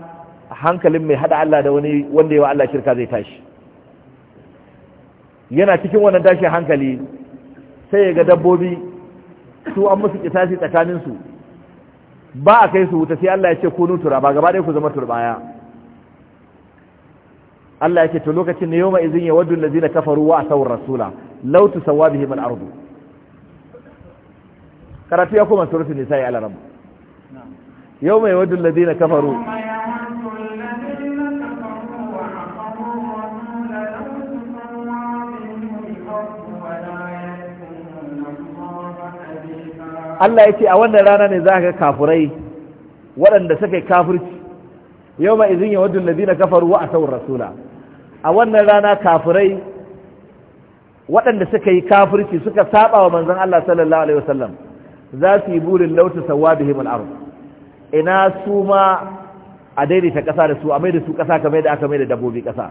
hankalin mai haɗa Allah da wani wanda yawa Allah shirka zai tashi yana cikin wannan tashin hankali sai ya ga dabbobi su an musu kitasi tsakanin su ba a kai su wuta sai Allah ya ce kunu turaba gaba ɗaya ku zama turbaya Allah ya ce to lokacin ne yoma izin yawaddu allazina kafaru wa asaw rasula lautu tusawwa bihim ardu karatu ya koma suratul nisa ya al yau mai wadun ladina kafaru Allah ya ce a wannan rana ne za ka kafurai waɗanda suka yi kafirci yau mai izin yawadun ladina kafaru wa a rasula a wannan rana kafurai waɗanda suka yi kafirci suka saba wa manzan Allah sallallahu alaihi wasallam za su yi burin lauta sawabihim al-ardh ina su ma a daidaita ƙasa da su a mai da su ƙasa kamar da aka mai da dabbobi ƙasa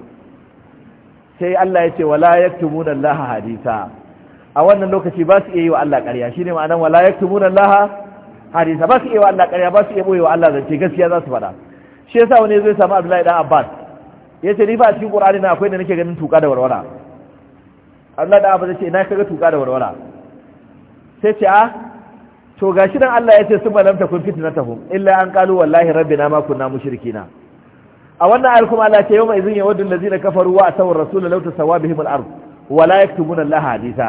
sai Allah ya ce wala yaktumuna Allah hadisa a wannan lokaci ba su iya yi wa Allah ƙarya shine ma'anar wala yaktumuna Allah hadisa ba su iya wa Allah ƙarya ba su iya boye wa Allah zance gaskiya za su faɗa shi yasa wani zai samu Abdullahi dan Abbas Ya ce ni ba cikin Qur'ani na akwai da nake ganin tuka da warwara Abdullahi da Abbas ce, ina kaga tuka da warwara sai ce a ah, to gashi dan Allah ya ce su balam takun fitnatuhum illa an qalu wallahi rabbina ma kunna mushrikina a wannan ayar kuma Allah ya ce yawma idhin yawaddu allazina kafaru wa asaw ar-rasul law tasawa bihim al-ard wa la yaktubuna laha haditha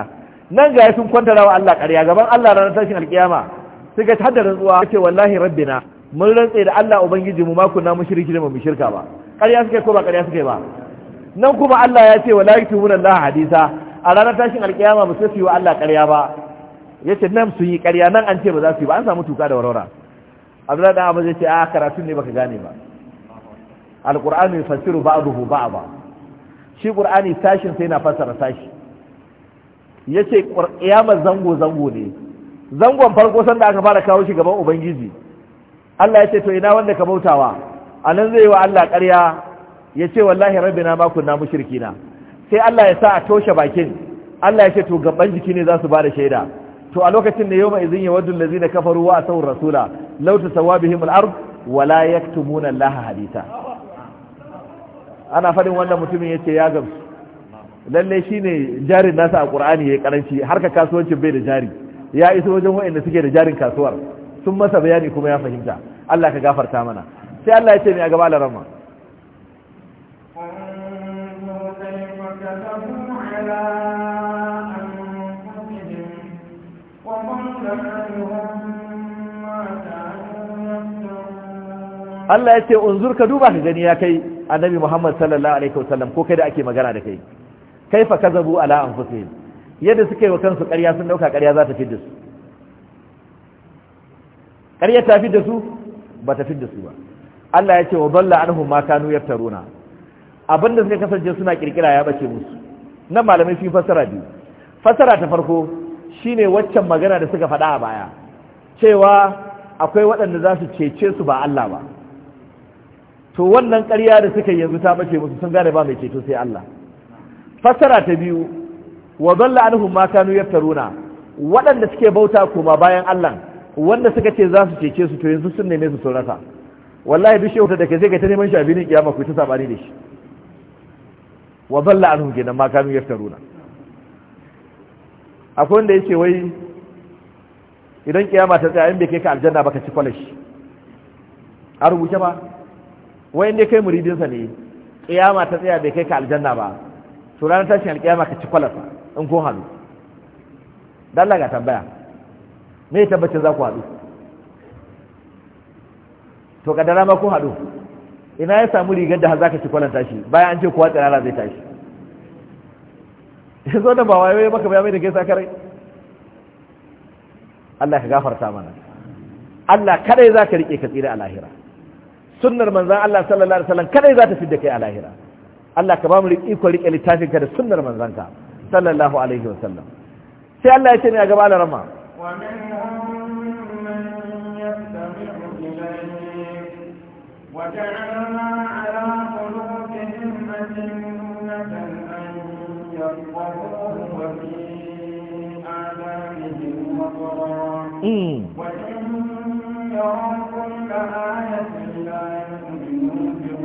nan ga sun kwantara wa Allah ƙarya gaban Allah ranar tashin alkiyama suka haddara zuwa ce wallahi rabbina mun rantsa da Allah ubangiji mu ma kunna mushriki da mu shirka ba ƙarya suke ko ba ƙarya suke ba nan kuma Allah ya ce wala yaktubuna laha haditha a ranar tashin alkiyama ba sai su yi wa Allah ƙarya ba yace nan sun yi ƙarya nan an ce ba za su yi ba an samu tuka da warwara abdullahi da abu zai ce a ah, karatun ne baka gane ba ba abu ba ba. shi ƙur'ani sashin sai na fassara sashi yace qiyamar zango zango ne zangon farko sanda aka fara kawo shi gaban ubangiji Allah ya ce to ina wanda ka bautawa A nan zai yi wa Allah ƙarya ya ce wallahi na ma shirki na. sai Allah ya sa a toshe bakin Allah ya ce to gaban jiki ne za su ba da shaida to a lokacin da yau mai izin lazi allazina kafaru wa asawur rasula lauta tasawabihim al-ard wa la yaktumuna hadita ana fadin wannan mutumin yace ya gamsu lalle shine jarin nasa a qur'ani yayi karanci ka kasuwanci bai da jari ya iso wajen wayanda suke da jarin kasuwar sun masa bayani kuma ya fahimta Allah ka gafarta mana sai Allah ya ce mai a gaba larama Thank you. Allah ya ce unzur ka duba ka gani ya kai annabi Muhammad sallallahu alaihi wasallam ko kai da ake magana da kai kaifa kazabu ala anfusihim yadda suka yi wa kansu ƙarya sun dauka ƙarya za ta fidda su ƙarya ta fidda su ba ta fidda su ba Allah ya ce wa dalla anhum ma kanu yaftaruna abinda suka kasance suna kirkira ya bace musu nan malamai sun fassara biyu fassara ta farko shine waccan magana da suka faɗa a baya cewa akwai waɗanda za su cece su ba Allah ba to wannan ƙarya da suka yanzu ta bace musu sun gane ba mai ceto sai Allah fasara ta biyu wa dalla anhum ma kanu yaftaruna waɗanda suke bauta kuma bayan Allah wanda suka ce za su cece su to yanzu sun neme su saurata wallahi duk shehu da kai sai ka ta neman shi ne kiyama ku ta sabani da shi wa dalla anhum kenan ma kanu yaftaruna akwai wanda yace wai idan kiyama ta tsaya in bai kai ka aljanna baka ci kwalashi a rubuce ba wai inda kai muridinsa ne kiyama ta tsaya bai kai ka aljanna ba to ranar tashin alkiyama ka ci kwalafa in ko halu dalla ga tambaya me tabbacin za ku haɗu to ka dara ma ku hadu ina ya samu rigar da za ka ci kwalanta shi bayan an ce kuwa tsirara zai tashi ya zo da ba wayo maka bayan da gaisa kare Allah ka gafarta mana Allah kadai za ka riƙe ka tsira a lahira sunnar manzan Allah sallallahu alaihi wasallam kadai za ta fidda kai a lahira Allah ka ba mu iko rike littafinka da sunnar manzanka. ka sallallahu alaihi wasallam sai Allah ya ce ne a gaba da rama wa وجعلنا على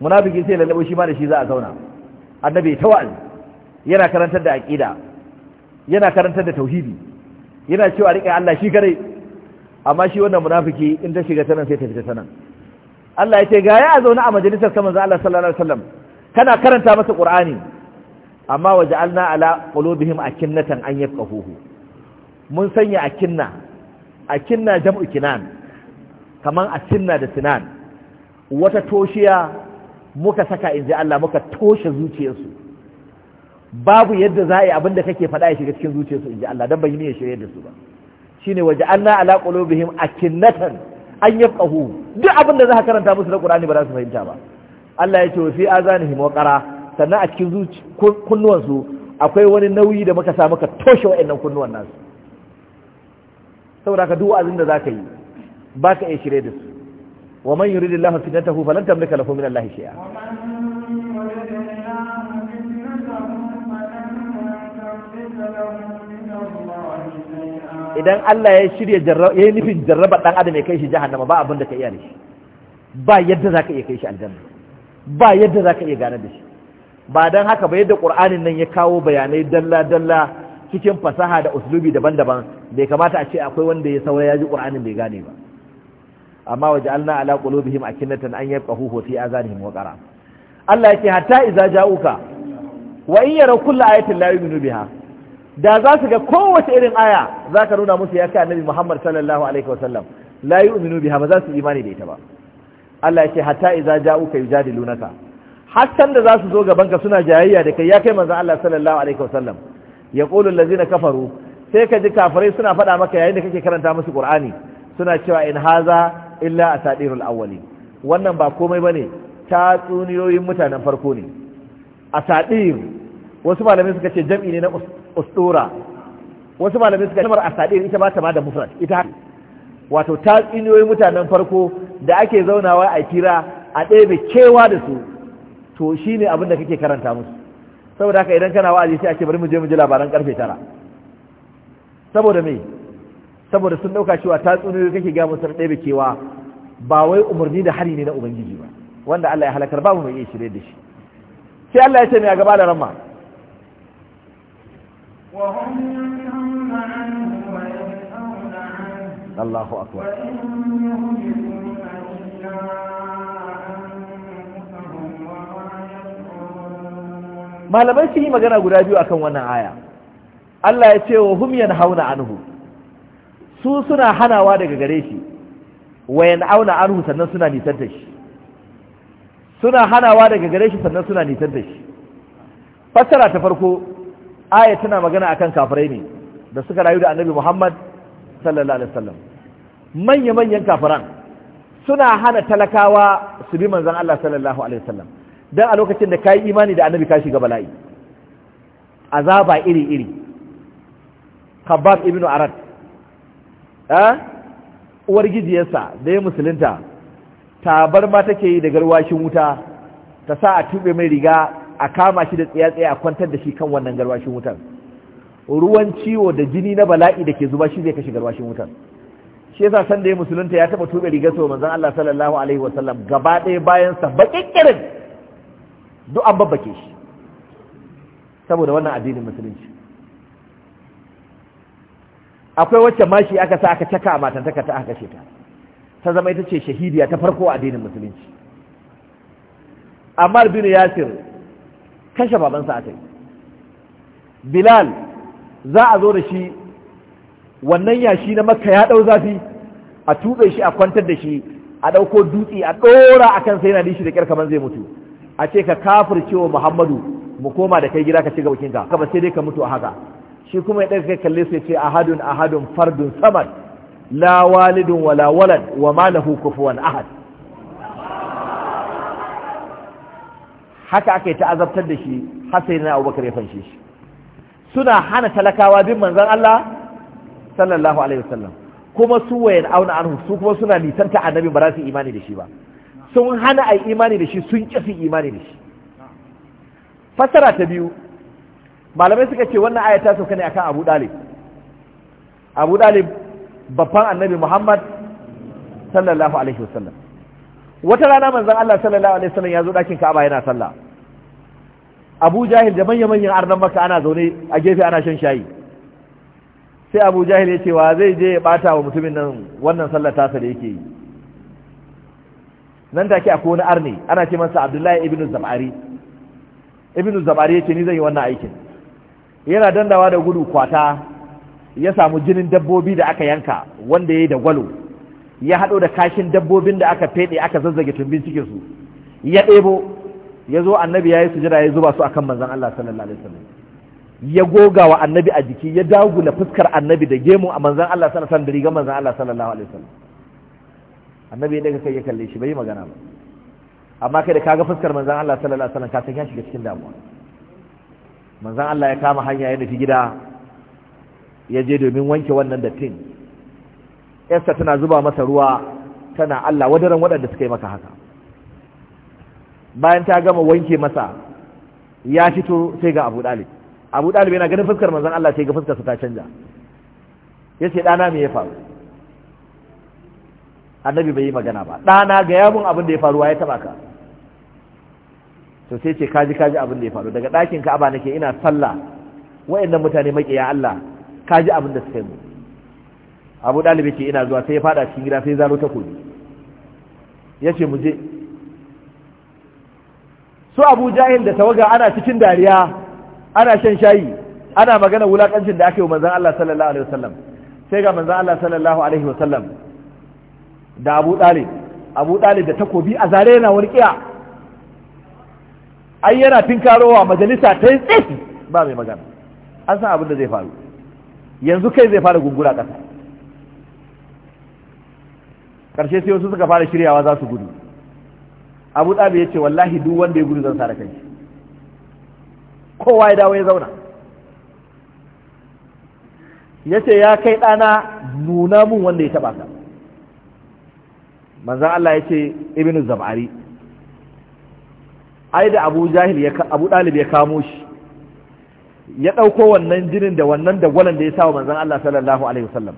munafiki sai lallabo shi ma da shi za a zauna annabi tawal yana karantar da aqida yana karantar da tauhidi yana cewa rike Allah shi kare amma shi wannan munafiki in ta shiga sanan sai ta fita sanan Allah ya ce ga ya zauna a majalisar sa za Allah sallallahu alaihi wasallam kana karanta masa qur'ani amma waja'alna ala qulubihim akinnatan an yafqahuhu mun sanya akinna akinna jam'u kinan kaman akinna da sinan wata toshiya muka saka in ji Allah muka toshe zuciyarsu babu yadda za a yi abinda kake faɗa ya shiga cikin zuciyarsu in ji Allah don ban yi ya shirya da su ba shine waje Allah ala qulubihim akinnatan an yafqahu duk abinda za ka karanta musu na Qur'ani ba za su fahimta ba Allah ya ce fi azanihim wa qara sannan a cikin zuci kunnuwansu akwai wani nauyi da muka sa muka toshe wa'annan kunnuwan nasu saboda ka duk abinda da za ka yi ba ka iya shirye da su wa يريد الله فتنته فلن تملك له من الله شيئا idan Allah ya shirya ya yi nufin jarraba dan adam ya kai shi jahannama ba abin da ka iya da shi ba yadda za ka iya kai shi aljanna ba yadda za ka iya gane da shi ba don haka ba yadda qur'anin nan ya kawo bayanai dalla-dalla cikin fasaha da uslubi daban-daban bai kamata a ce akwai wanda ya saurayi ya ji bai gane ba amma waj'alna ala qulubihim akinnatan an yafqahu fi azanihim waqara Allah yake hatta idza ja'uka wa in yaraw kull ayatin la yu'minu biha da za su ga kowace irin aya za ka nuna musu ya kai annabi Muhammad sallallahu alaihi wasallam la yu'minu biha ba za su imani da ita ba Allah yake hatta idza ja'uka yujadilunaka hakan da za su zo gaban ka suna jayayya da kai ya kai manzo Allah sallallahu alaihi wasallam yaqulu allazina kafaru sai ka ji kafirai suna faɗa maka yayin da kake karanta musu Qur'ani suna cewa in haza illa asadirul awwalin wannan ba komai bane tsuniyoyin mutanen farko ne asadir wasu malamai suka ce jam'i ne na ustura wasu malamai suka ce kamar asadir ita ba ta ma da mufrad ita wato tsuniyoyin mutanen farko da ake zaunawa a kira a ɗebe cewa da su to shine abin da kake karanta musu saboda haka idan kana wa'azi sai ake bari mu je mu ji labaran karfe tara saboda me saboda sun dauka cewa tatsuniyoyi kake ga musu ɗaya kewa ba wai umarni da hari ne na ubangiji ba wanda Allah ya halakar babu mai iya shirye da shi sai Allah ya ce mai a gaba da ramma Allahu akbar malamai sun yi magana guda biyu akan wannan aya Allah ya ce wa humyan hauna anhu su suna hanawa daga gare shi wayan auna anhu sannan suna nisan da shi suna hanawa daga gare shi sannan suna nisan da shi fassara ta farko aya tana magana akan kafirai ne da suka rayu da annabi Muhammad sallallahu alaihi wasallam manya manyan kafiran suna hana talakawa su bi manzon Allah sallallahu alaihi wasallam dan a lokacin da kai imani da annabi ka shiga bala'i azaba iri iri khabbab ibnu arad uwar gijiyarsa da ya musulunta bar ma take yi da garwashin wuta ta sa a tube mai riga a kama shi da tsaye a kwantar da shi kan wannan garwashin wutar ruwan ciwo da jini na bala'i da ke zuba shi zai kashe garwashin wutar shi yasa san da ya musulunta ya taba tube rigar sau manzon Allah sallallahu alaihi wasallam gaba ɗaya bayan sa baƙiƙirin duk an babbake shi saboda wannan addinin musulunci akwai wacce mashi aka sa aka caka a matantaka ta aka kashe ta ta zama ita ce shahidiya ta farko a addinin musulunci amma bin yasir kashe babansa a kai bilal za a zo da shi wannan yashi na makka ya dau zafi a tuɓe shi a kwantar da shi a ɗauko dutsi a ɗora a kan sai na dishi da ƙyar kamar zai mutu a ce ka kafir cewa muhammadu mu koma da kai gida ka ci gaba kinka ka ba sai dai ka mutu a haka shi kuma ya ɗaga kalle sai ce ahadun ahadun fardun samad la walidun wala walad wa ma lahu kufuwan ahad haka aka yi ta azabtar da shi har na abubakar ya fanshe shi suna hana talakawa bin manzan Allah sallallahu alaihi wasallam kuma su wayan auna anhu su kuma suna nisanta annabi ba za imani da shi ba sun hana ai imani da shi sun ƙi imani da shi fasara ta biyu malamai suka ce wannan aya ta sauka ne akan Abu Dalib Abu Dalib babban annabi Muhammad sallallahu alaihi wasallam wata rana manzon Allah sallallahu alaihi wasallam ya zo dakin Ka'aba yana sallah Abu Jahil da manyan manyan arnan maka ana zaune a gefe ana shan shayi sai Abu Jahil ya ce wa zai je ya bata wa mutumin nan wannan sallar tasa da yake yi nan take akwai wani arni ana ce masa Abdullahi ibn Zabari ibn Zabari yace ni zan yi wannan aikin yana dandawa da gudu kwata ya samu jinin dabbobi da aka yanka wanda ya yi da gwalo ya haɗo da kashin dabbobin da aka feɗe aka zazzage tumbin cikinsu ya ɗebo ya zo annabi ya yi jira ya zuba su akan manzan Allah sallallahu alaihi wasallam ya goga wa annabi a jiki ya dagula fuskar annabi da gemu a manzan Allah sallallahu alaihi wasallam da rigar manzan Allah sallallahu alaihi wasallam annabi ya daga kai ya kalle shi bai magana ba amma kai da kaga fuskar manzan Allah sallallahu alaihi wasallam ka san ya shiga cikin damuwa manzan Allah ya kama hanya ya nufi gida ya je domin wanke wannan dattin yarsa tana zuba masa ruwa tana Allah wadaran waɗanda suka yi maka haka bayan ta gama wanke masa ya fito sai ga abu ɗalib abu ɗalib yana ganin fuskar manzan Allah sai ga fuskarsa ta canja ya ce ɗana me ya faru annabi bai yi magana ba ɗana ga yamun abin da ya faru. ya taɓa ka to sai ce kaji kaji abin da ya faru daga ɗakin ka'aba nake ina sallah wayannan mutane makiya Allah kaji abin da suka yi Abu Dalibi ce ina zuwa sai ya fada cikin gida sai zaro takobi yace mu je su Abu Jahil da tawaga ana cikin dariya ana shan shayi ana magana wulakancin da aka yi wa manzon Allah sallallahu alaihi wasallam sai ga manzon Allah sallallahu alaihi wasallam da Abu Dalib Abu Dalib da takobi a zare yana wani kiya ai yana tinkarowa majalisa ta yi tsaye ba mai magana an san abin da zai faru yanzu kai zai fara gungura ƙasa ƙarshe sai wasu suka fara shiryawa za su gudu abu ɗabi ya ce wallahi duk wanda ya gudu zan sare kai kowa ya dawo ya zauna ya ce ya kai ɗana nuna mun wanda ya taɓa ka manzan Allah ya ce ibn zab'ari ai da abu jahil ya abu dalib ya kamo shi ya ɗauko wannan jinin da wannan dagwalon da ya sa wa manzon Allah sallallahu alaihi wasallam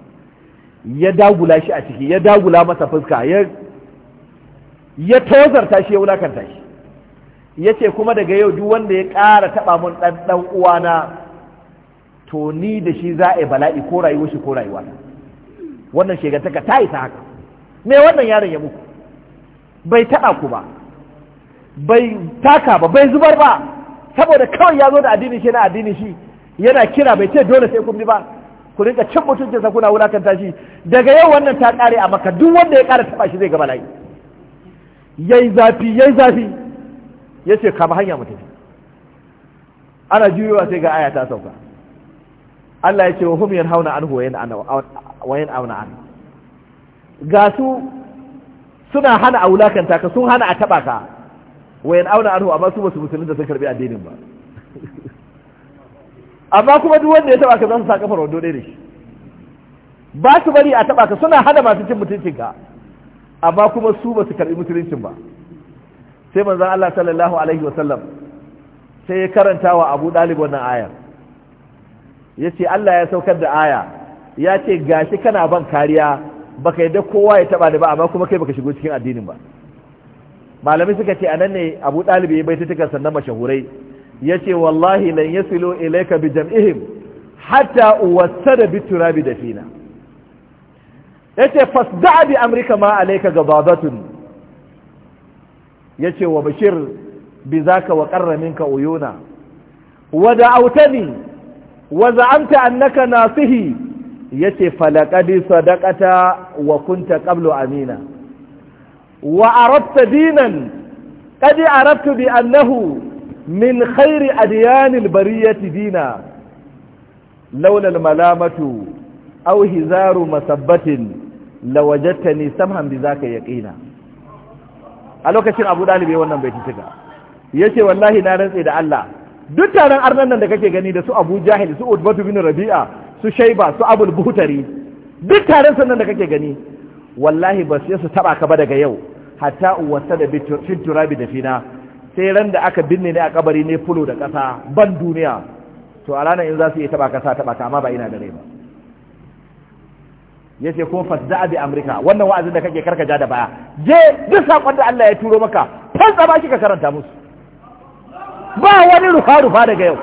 ya dagula shi a ciki ya dagula masa fuska ya ya tozarta shi ya wulakanta shi yace kuma daga yau duk wanda ya ƙara taba mun dan ɗan uwana to ni da shi za a bala'i ko rayuwar shi ko rayuwa wannan shegantaka ta isa haka me wannan yaron ya muku bai taɓa ku ba bai taka ba bai zubar ba saboda kawai ya zo da addini shi na addini shi yana kira bai ce dole sai kun bi ba ku rinka cin mutuncinsa kuna wulakanta shi daga yau wannan ta kare a maka duk wanda ya kara taba shi zai gaba layi yayi zafi yayi zafi ya ce kama hanya mu tafi ana juyowa sai ga aya ta sauka Allah ya ce wa hum yanhauna anhu wa yan'auna an ga su suna hana a wulakanta ka sun hana a taba ka wayan auna anhu amma su basu musulun da sun karbi addinin ba amma kuma duk wanda ya taba ka za su sa kafar wando ɗaya da shi ba su bari a taba ka suna hada masu cin mutuncin ka amma kuma su basu karbi musuluncin ba sai manzon Allah sallallahu alaihi wa sallam sai ya karanta wa Abu Dalib wannan aya yace Allah ya saukar da aya ya ce gashi kana ban kariya baka yadda kowa ya taba da ba amma kuma kai baka shigo cikin addinin ba malamai suka ce anan ne abu ɗalibi ya baita tukar sannan mashahurai ya ce wallahi lan yasilu ilaika bi jam'ihim hatta uwassada bi da fina ya ce fasda'a bi amrika ma alaika gababatun ya ce wa bashir bi ka wa karra ka uyuna wa ne wa za'amta annaka nasihi ya ce falaqadi sadaqata wa kunta qablu amina وعرفت دينا قد عرفت بأنه من خير أديان البرية دينا لولا الملامة أو هزار مسبة لوجدتني سمها بذاك يقينا a lokacin abu ɗalibi wannan bai cika ya ce wallahi na rantse da Allah duk taron arnan nan da kake gani da su abu jahil su udbatu bin rabi'a su shaiba su abul buhtari duk taron sannan da kake gani wallahi ba su taba ka ba daga yau hatta uwasa da fit turabi da fina sai ran da aka binne ne a kabari ne fulo da kasa ban duniya to a ranar in za su yi taba kasa taba ta amma ba ina da ba ya ce kuma bi amurka wannan wa'azin da kake karkaja da baya je duk sakon da Allah ya turo maka fasa ba ka karanta musu ba wani rufa-rufa daga yau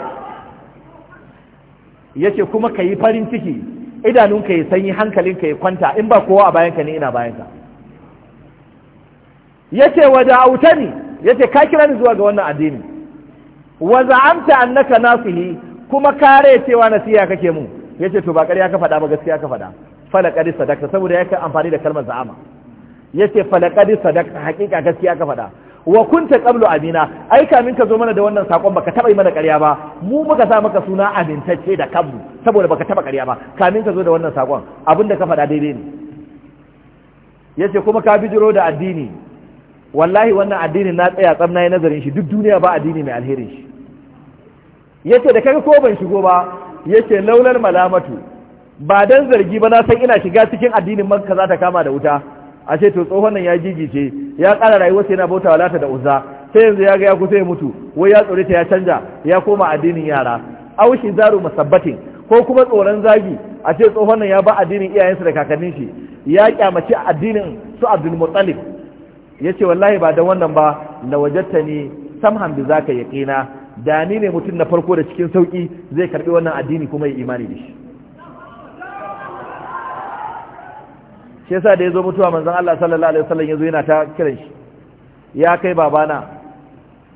ya ce kuma ka yi farin ciki idanunka ya sanyi hankalinka ya kwanta in ba kowa a bayanka ne ina bayanka yace ne? yace ka kira ni zuwa ga wannan addini wa za'amta annaka nasihi kuma kare cewa nasiha kake mu yace to ba ƙarya ka faɗa ba gaskiya ka faɗa falaqad sadaqta saboda yake amfani da kalmar za'ama yace falaqad sadaqta haƙiƙa gaskiya ka faɗa wa kunta qablu amina ai kamin ka zo mana da wannan sakon baka taba yi mana ƙarya ba mu muka sa maka suna amintacce da kabbu saboda baka taba ƙarya ba kamin ka zo da wannan sakon abinda ka faɗa daidai ne yace kuma ka bijiro da addini wallahi wannan addinin na tsaya tsam na yi nazarin shi duk duniya ba addini mai alherin shi yace da kaga ko ban shigo ba yace laular malamatu ba dan zargi ba na san ina shiga cikin addinin man kaza ta kama da wuta ashe to tsohon nan ya gigice ya kara rayuwar sai yana bauta walata da uzza sai yanzu ya ga ya kusa ya mutu wai ya tsorata ya canja ya koma addinin yara aushi zaru masabbatin ko kuma tsoron zagi a ce tsohon nan ya ba addinin iyayensa da kakannin shi ya kyamaci addinin su abdul muttalib ya ce wallahi ba da wannan ba na ne samhan ka zaka yaqina da ni ne mutum na farko da cikin sauƙi zai karbi wannan addini kuma ya imani da shi shi yasa da ya zo mutuwa manzan Allah sallallahu alaihi wasallam zo yana ta kiran shi ya kai babana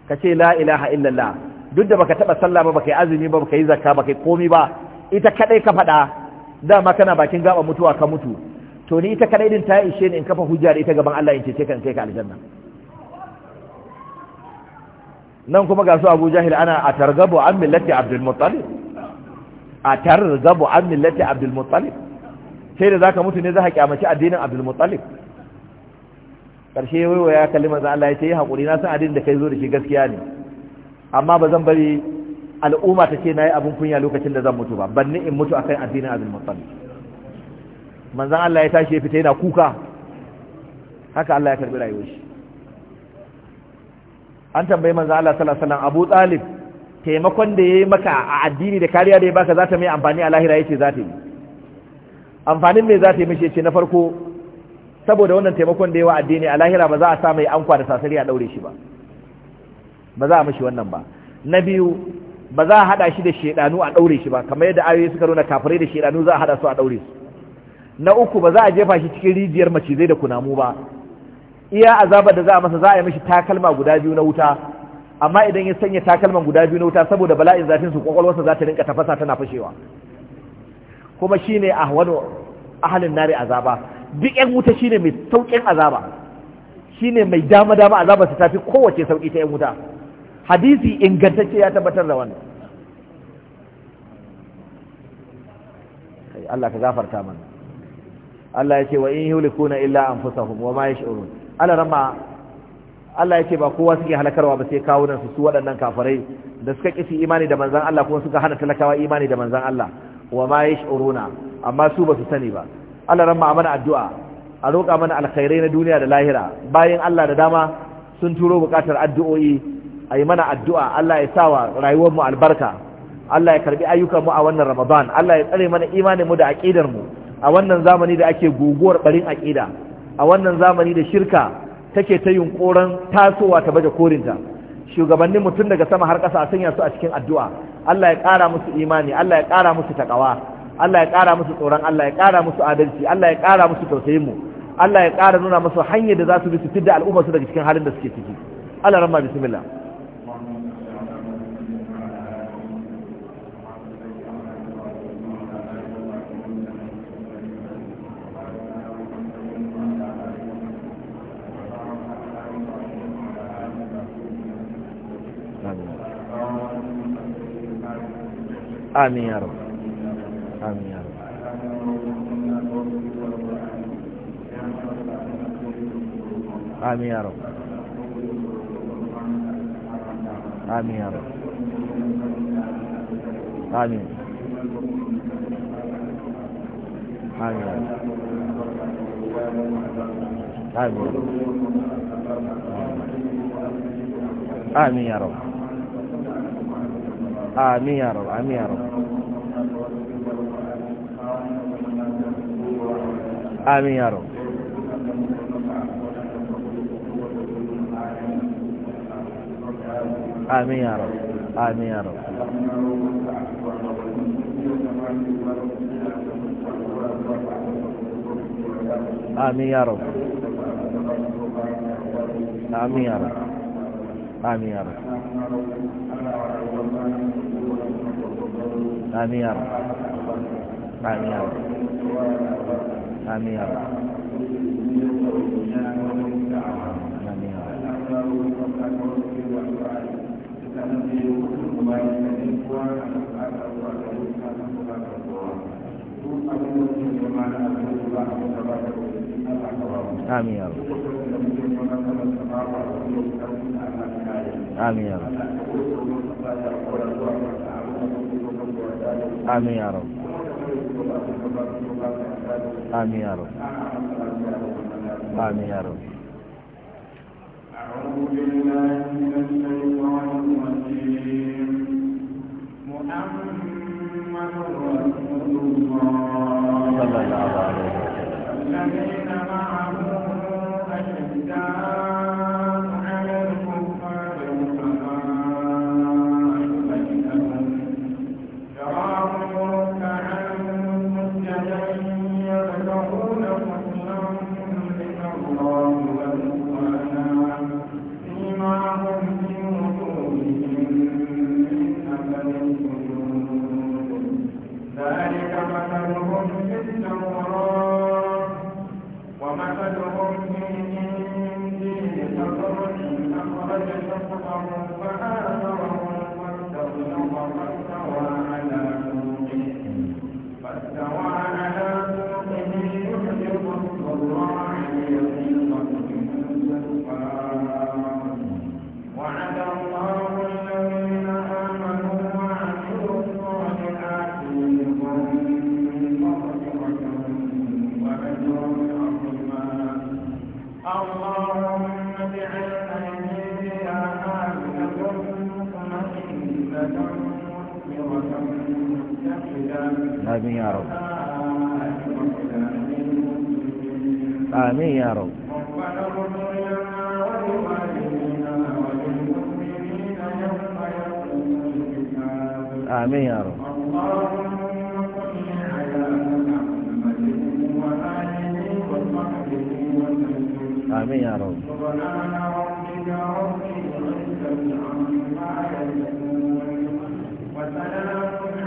ka ce la ilaha illallah duk da baka taɓa sallah ba baka yi azumi ba baka yi zakka baka yi komai ba ita kaɗai ka faɗa dama kana bakin gaɓa mutuwa ka mutu to ni ita kadai din ta ishe ni in kafa hujja da ita gaban Allah in ce kan kai ka aljanna nan kuma ga su Abu Jahil ana a targabu an millati Abdul Muttalib a targabu an millati Abdul Muttalib sai da zaka mutu ne za ka kyamaci addinin Abdul Muttalib karshe waiwa ya kalli manzo Allah ya ce yi hakuri na san addinin da kai zo da shi gaskiya ne amma ba zan bari al'umma ta ce nayi abun kunya lokacin da zan mutu ba banni in mutu akan addinin Abdul Muttalib manzan Allah ya tashi ya fita yana kuka haka Allah ya karbi rayuwar shi an tambayi manzan Allah sallallahu alaihi wasallam Abu Talib taimakon da yayi maka a addini da kariya da ya baka za ta mai amfani a lahira yace za ta yi amfanin me za ta yi mishi yace na farko saboda wannan taimakon da wa addini a lahira ba za a sa mai ankwa da sasari a daure shi ba ba za a mishi wannan ba na biyu ba za a hada shi da shedanu a daure shi ba kamar yadda ayoyi suka nuna kafirai da shedanu za a hada su a daure su na uku ba za a jefa shi cikin rijiyar macizai da kunamu ba iya azabar da za a masa za a yi mishi takalma guda biyu na wuta amma idan ya sanya takalman guda biyu na wuta saboda bala'in zafin su kwakwalwarsa za ta rinka tafasa tana fashewa kuma shine wani ahalin nari azaba duk yan wuta shine mai sauƙin azaba shine mai dama dama azabar ta tafi kowace sauƙi ta yan wuta hadisi ingantacce ya tabbatar da wannan Allah ka gafarta mana Allah ya ce wa in yuhlikuna illa anfusahum wa ma yash'urun Allah rama Allah ya ce ba kowa suke halakarwa ba sai kawunan su su waɗannan kafirai da suka kisi imani da manzon Allah kuma suka hana talakawa imani da manzon Allah wa ma yash'uruna amma su ba su sani ba Allah rama mana addu'a a roƙa mana alkhairai na duniya da lahira bayan Allah da dama sun turo buƙatar addu'o'i a mana addu'a Allah ya sawa rayuwar mu albarka Allah ya karbi ayyukan mu a wannan Ramadan Allah ya tsare mana imanin mu da aqidar mu a wannan zamani da ake guguwar barin aƙida a wannan zamani da shirka take ta yunƙuran tasowa ta baje korinta shugabannin mutum daga sama har ƙasa a sanya su a cikin addu'a Allah ya ƙara musu imani Allah ya ƙara musu taƙawa. Allah ya ƙara musu tsoron Allah ya ƙara musu adalci Allah ya ƙara musu tausayin mu Allah ya ƙara nuna musu hanyar da za su bi su fidda al'umma su daga cikin halin da suke ciki Allah rahma bismillah amin ya rabu amin ya rabu amin ya rabu amin ya rabu amin amin ya rabu amin ya rabu আমি ইয়া আমি আমিন আমি রব আমি ইয়া আমি আমিন আমি রব আমি আর আমি آمين يا رب amin ya rab amin ya rab amin ya rab آمين يا رب آمين يا رب آمين يا رب أعوذ بالله من الشيطان الرجيم محمد رسول الله صلى الله عليه وسلم الذين معه آمين يا رب آمين يا رب آمين يا رب آمين يا رب وسلام